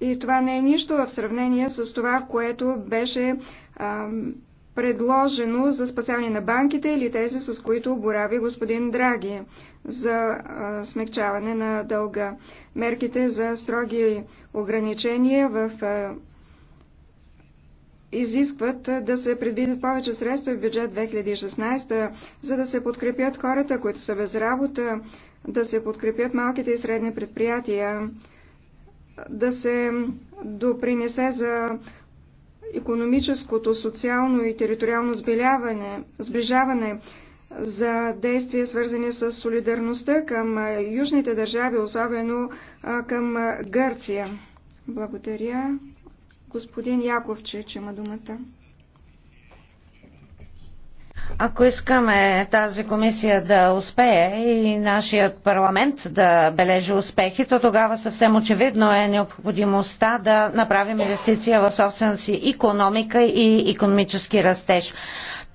И това не е нищо в сравнение с това, което беше ам, предложено за спасяване на банките или тези, с които борави господин Драги за а, смягчаване на дълга. Мерките за строги ограничения в а, изискват да се предвидят повече средства в бюджет 2016, за да се подкрепят хората, които са без работа, да се подкрепят малките и средни предприятия, да се допринесе за економическото, социално и териториално сближаване, за действия, свързани с солидарността към южните държави, особено към Гърция. Благодаря. Господин Яковче, че има думата. Ако искаме тази комисия да успее и нашият парламент да бележи успехи, то тогава съвсем очевидно е необходимостта да направим инвестиция в собствената си економика и економически растеж.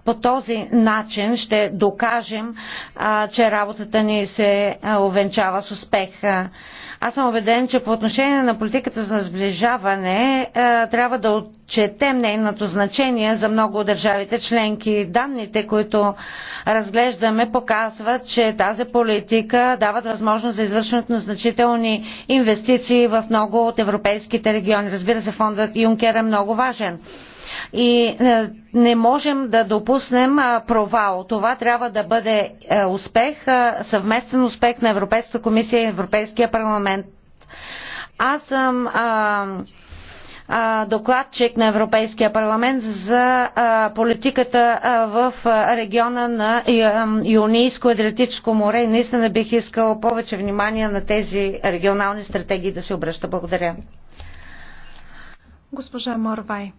По този начин ще докажем, а, че работата ни се овенчава с успех. Аз съм убеден, че по отношение на политиката за сближаване е, трябва да отчетем нейното значение за много от държавите членки. Данните, които разглеждаме, показват, че тази политика дава възможност за извършването на значителни инвестиции в много от европейските региони. Разбира се, фондът Юнкер е много важен и е, не можем да допуснем провал. Това трябва да бъде е, успех, е, съвместен успех на Европейската комисия и Европейския парламент. Аз съм а, а, докладчик на Европейския парламент за а, политиката а, в а, региона на Юнийско-Адриатическо море и наистина бих искал повече внимание на тези регионални стратегии да се обръща. Благодаря. Госпожа Морвай.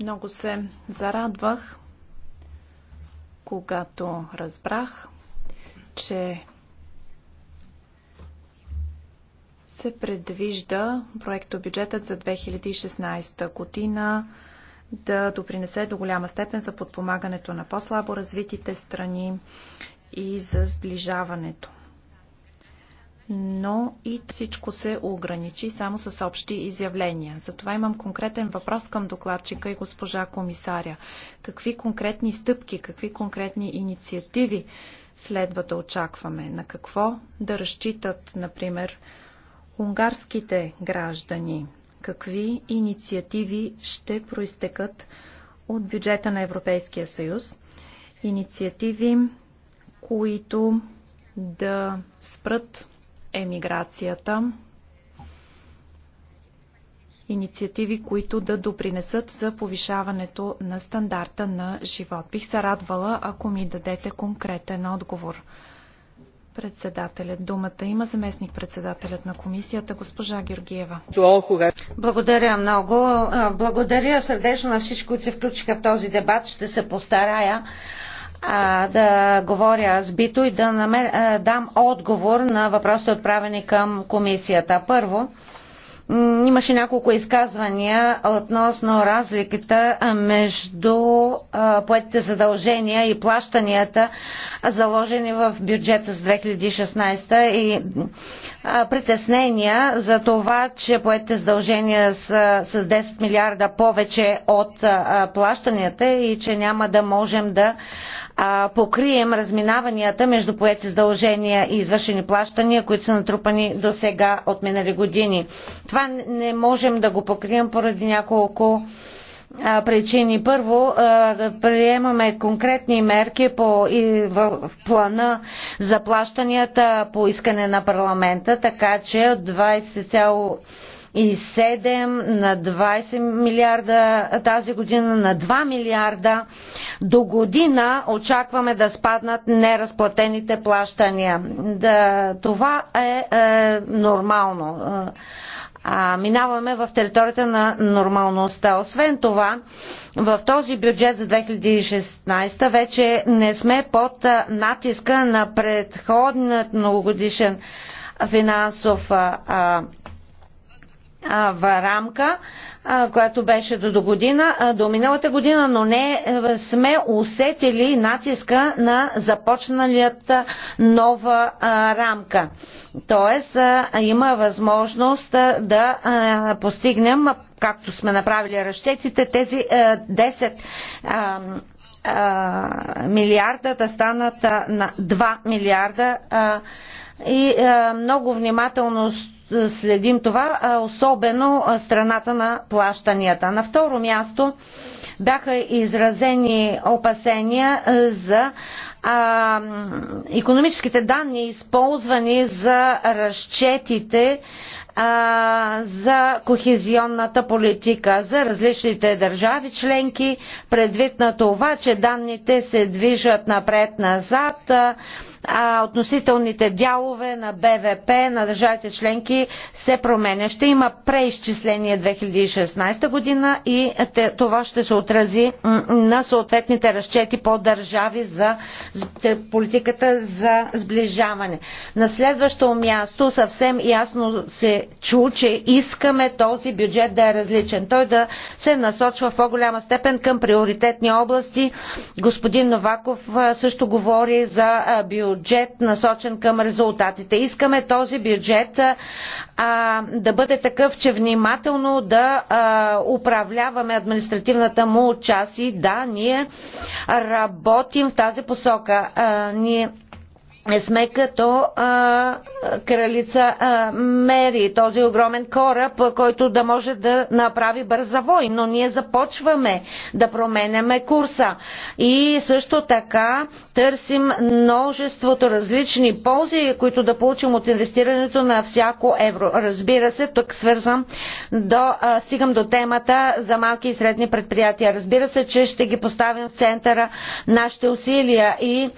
Много се зарадвах, когато разбрах, че се предвижда бюджетът за 2016 година да допринесе до голяма степен за подпомагането на по-слабо развитите страни и за сближаването но и всичко се ограничи само с общи изявления. Затова имам конкретен въпрос към докладчика и госпожа комисаря. Какви конкретни стъпки, какви конкретни инициативи следва да очакваме? На какво да разчитат, например, унгарските граждани? Какви инициативи ще проистекат от бюджета на Европейския съюз? Инициативи, които да спрат емиграцията, инициативи, които да допринесат за повишаването на стандарта на живот. Бих се радвала, ако ми дадете конкретен отговор. Председателят думата има заместник председателят на комисията, госпожа Георгиева. Благодаря много. Благодаря сърдечно на всички, които се включиха в този дебат. Ще се постарая а, да говоря с Бито и да намер, а, дам отговор на въпросите отправени към комисията. Първо, имаше няколко изказвания относно разликата между поетите задължения и плащанията, заложени в бюджета с 2016 и притеснения за това, че поетите задължения са с 10 милиарда повече от плащанията и че няма да можем да покрием разминаванията между поети задължения и извършени плащания, които са натрупани до сега от минали години. Това не можем да го покрием поради няколко причини. Първо, приемаме конкретни мерки по, и в, в плана за плащанията по искане на парламента, така че от 20, на 20 милиарда тази година, на 2 милиарда. До година очакваме да спаднат неразплатените плащания. Да, това е, е нормално. А, минаваме в територията на нормалността. Освен това, в този бюджет за 2016 вече не сме под натиска на предходният многогодишен финансов а, в рамка, която беше до, до, година, до миналата година, но не е, сме усетили натиска на започналият нова рамка. Тоест има възможност да постигнем, както сме направили разчетите, тези 10 милиарда да станат на 2 милиарда и много внимателно следим това, особено страната на плащанията. На второ място бяха изразени опасения за а, економическите данни, използвани за разчетите а, за кохезионната политика за различните държави членки, предвид на това, че данните се движат напред-назад, а относителните дялове на БВП на държавите членки се променя. Ще има преизчисление 2016 година и това ще се отрази на съответните разчети по държави за политиката за сближаване. На следващо място съвсем ясно се чу, че искаме този бюджет да е различен. Той да се насочва в по-голяма степен към приоритетни области. Господин Новаков също говори за бюджет насочен към резултатите. Искаме този бюджет да бъде такъв, че внимателно да управляваме административната му част и да, ние работим в тази посока. ние сме като а, кралица а, Мери, този огромен кораб, който да може да направи бърз завой, но ние започваме да променяме курса. И също така търсим множеството различни ползи, които да получим от инвестирането на всяко евро. Разбира се, тук свързвам до, а, стигам до темата за малки и средни предприятия. Разбира се, че ще ги поставим в центъра нашите усилия и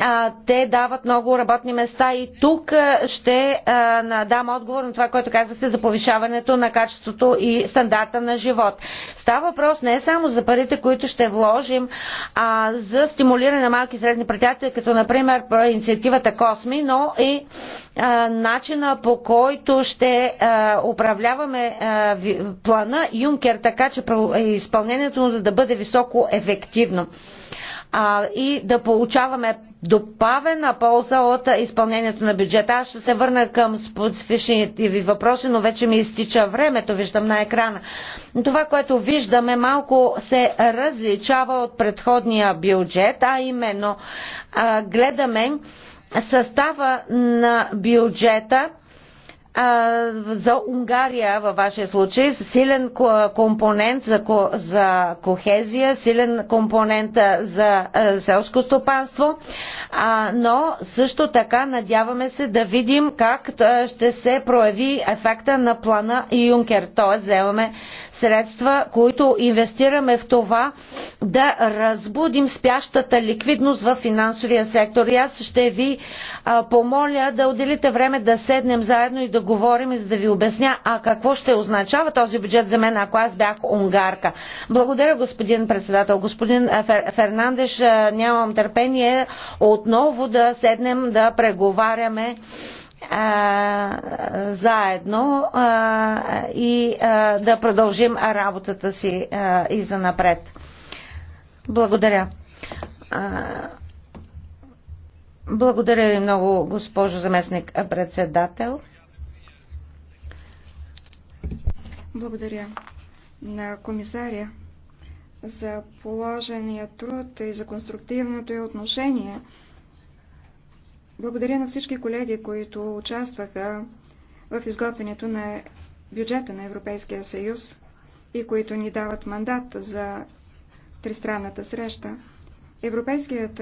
а, те дават много работни места и тук ще а, дам отговор на това, което казахте за повишаването на качеството и стандарта на живот. Става въпрос не само за парите, които ще вложим а, за стимулиране на малки и средни предприятия, като например инициативата Косми, но и а, начина по който ще а, управляваме а, плана Юнкер, така че изпълнението му да бъде високо ефективно а, и да получаваме добавена полза от изпълнението на бюджета. Аз ще се върна към специфичните ви въпроси, но вече ми изтича времето, виждам на екрана. Това, което виждаме, малко се различава от предходния бюджет, а именно а, гледаме състава на бюджета за Унгария във вашия случай, силен компонент за, за кохезия, силен компонент за селско стопанство, но също така надяваме се да видим как ще се прояви ефекта на плана Юнкер, т.е. вземаме средства, които инвестираме в това да разбудим спящата ликвидност в финансовия сектор. И аз ще ви помоля да отделите време да седнем заедно и да говорим и за да ви обясня, а какво ще означава този бюджет за мен, ако аз бях унгарка. Благодаря, господин председател. Господин е, Фер, Фернандеш, е, нямам търпение отново да седнем да преговаряме а, е, заедно а, и а, да продължим работата си а, и за напред. Благодаря. А, благодаря ви много, госпожо заместник председател. Благодаря на комисаря за положения труд и за конструктивното й отношение. Благодаря на всички колеги, които участваха в изготвянето на бюджета на Европейския съюз и които ни дават мандат за тристранната среща. Европейският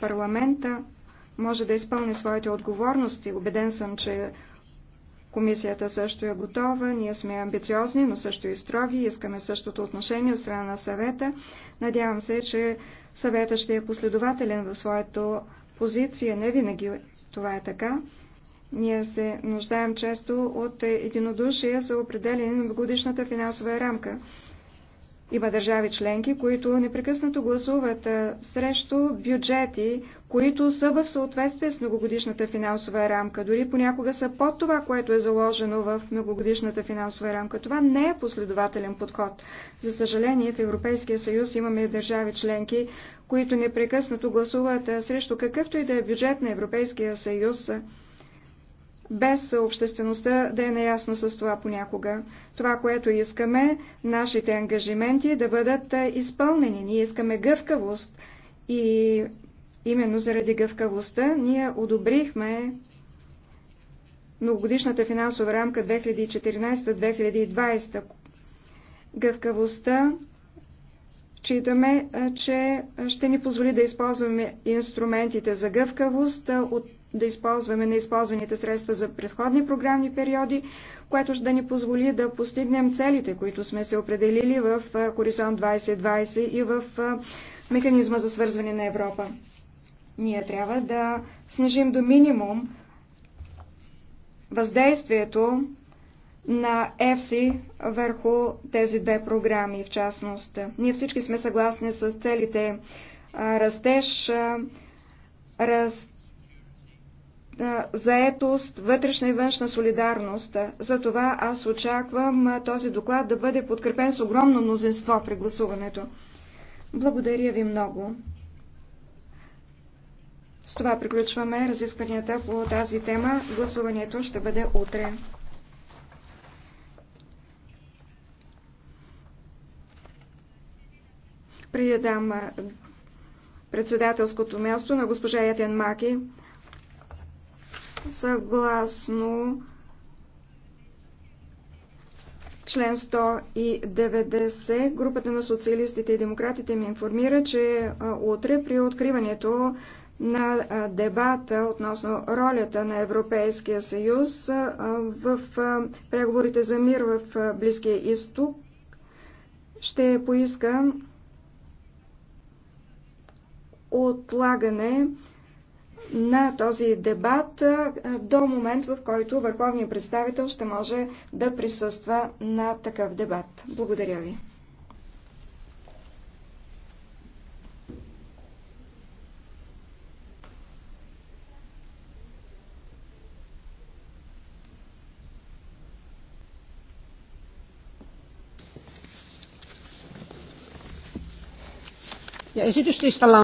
парламент може да изпълни своите отговорности. Обеден съм, че Комисията също е готова, ние сме амбициозни, но също и строги, искаме същото отношение от страна на съвета. Надявам се, че съвета ще е последователен в своето позиция. Не винаги това е така. Ние се нуждаем често от единодушие за определение на годишната финансова рамка. Има държави членки, които непрекъснато гласуват срещу бюджети, които са в съответствие с многогодишната финансова рамка. Дори понякога са под това, което е заложено в многогодишната финансова рамка. Това не е последователен подход. За съжаление, в Европейския съюз имаме държави членки, които непрекъснато гласуват срещу какъвто и да е бюджет на Европейския съюз без обществеността да е наясно с това понякога. Това, което искаме, нашите ангажименти да бъдат изпълнени. Ние искаме гъвкавост и именно заради гъвкавостта ние одобрихме многогодишната финансова рамка 2014-2020. Гъвкавостта читаме, че ще ни позволи да използваме инструментите за гъвкавост от да използваме използваните средства за предходни програмни периоди, което ще да ни позволи да постигнем целите, които сме се определили в Хоризонт 2020 и в механизма за свързване на Европа. Ние трябва да снижим до минимум въздействието на ЕФСИ върху тези две програми в частност. Ние всички сме съгласни с целите растеж, раз, заетост, вътрешна и външна солидарност. Затова аз очаквам този доклад да бъде подкрепен с огромно мнозинство при гласуването. Благодаря ви много. С това приключваме разискванията по тази тема. Гласуването ще бъде утре. Приедам председателското място на госпожа Етен Маки съгласно член 190. Групата на социалистите и демократите ми информира, че утре при откриването на дебата относно ролята на Европейския съюз в преговорите за мир в Близкия изток ще поиска отлагане на този дебат до момент, в който върховният представител ще може да присъства на такъв дебат. Благодаря ви. Ja esityslistalla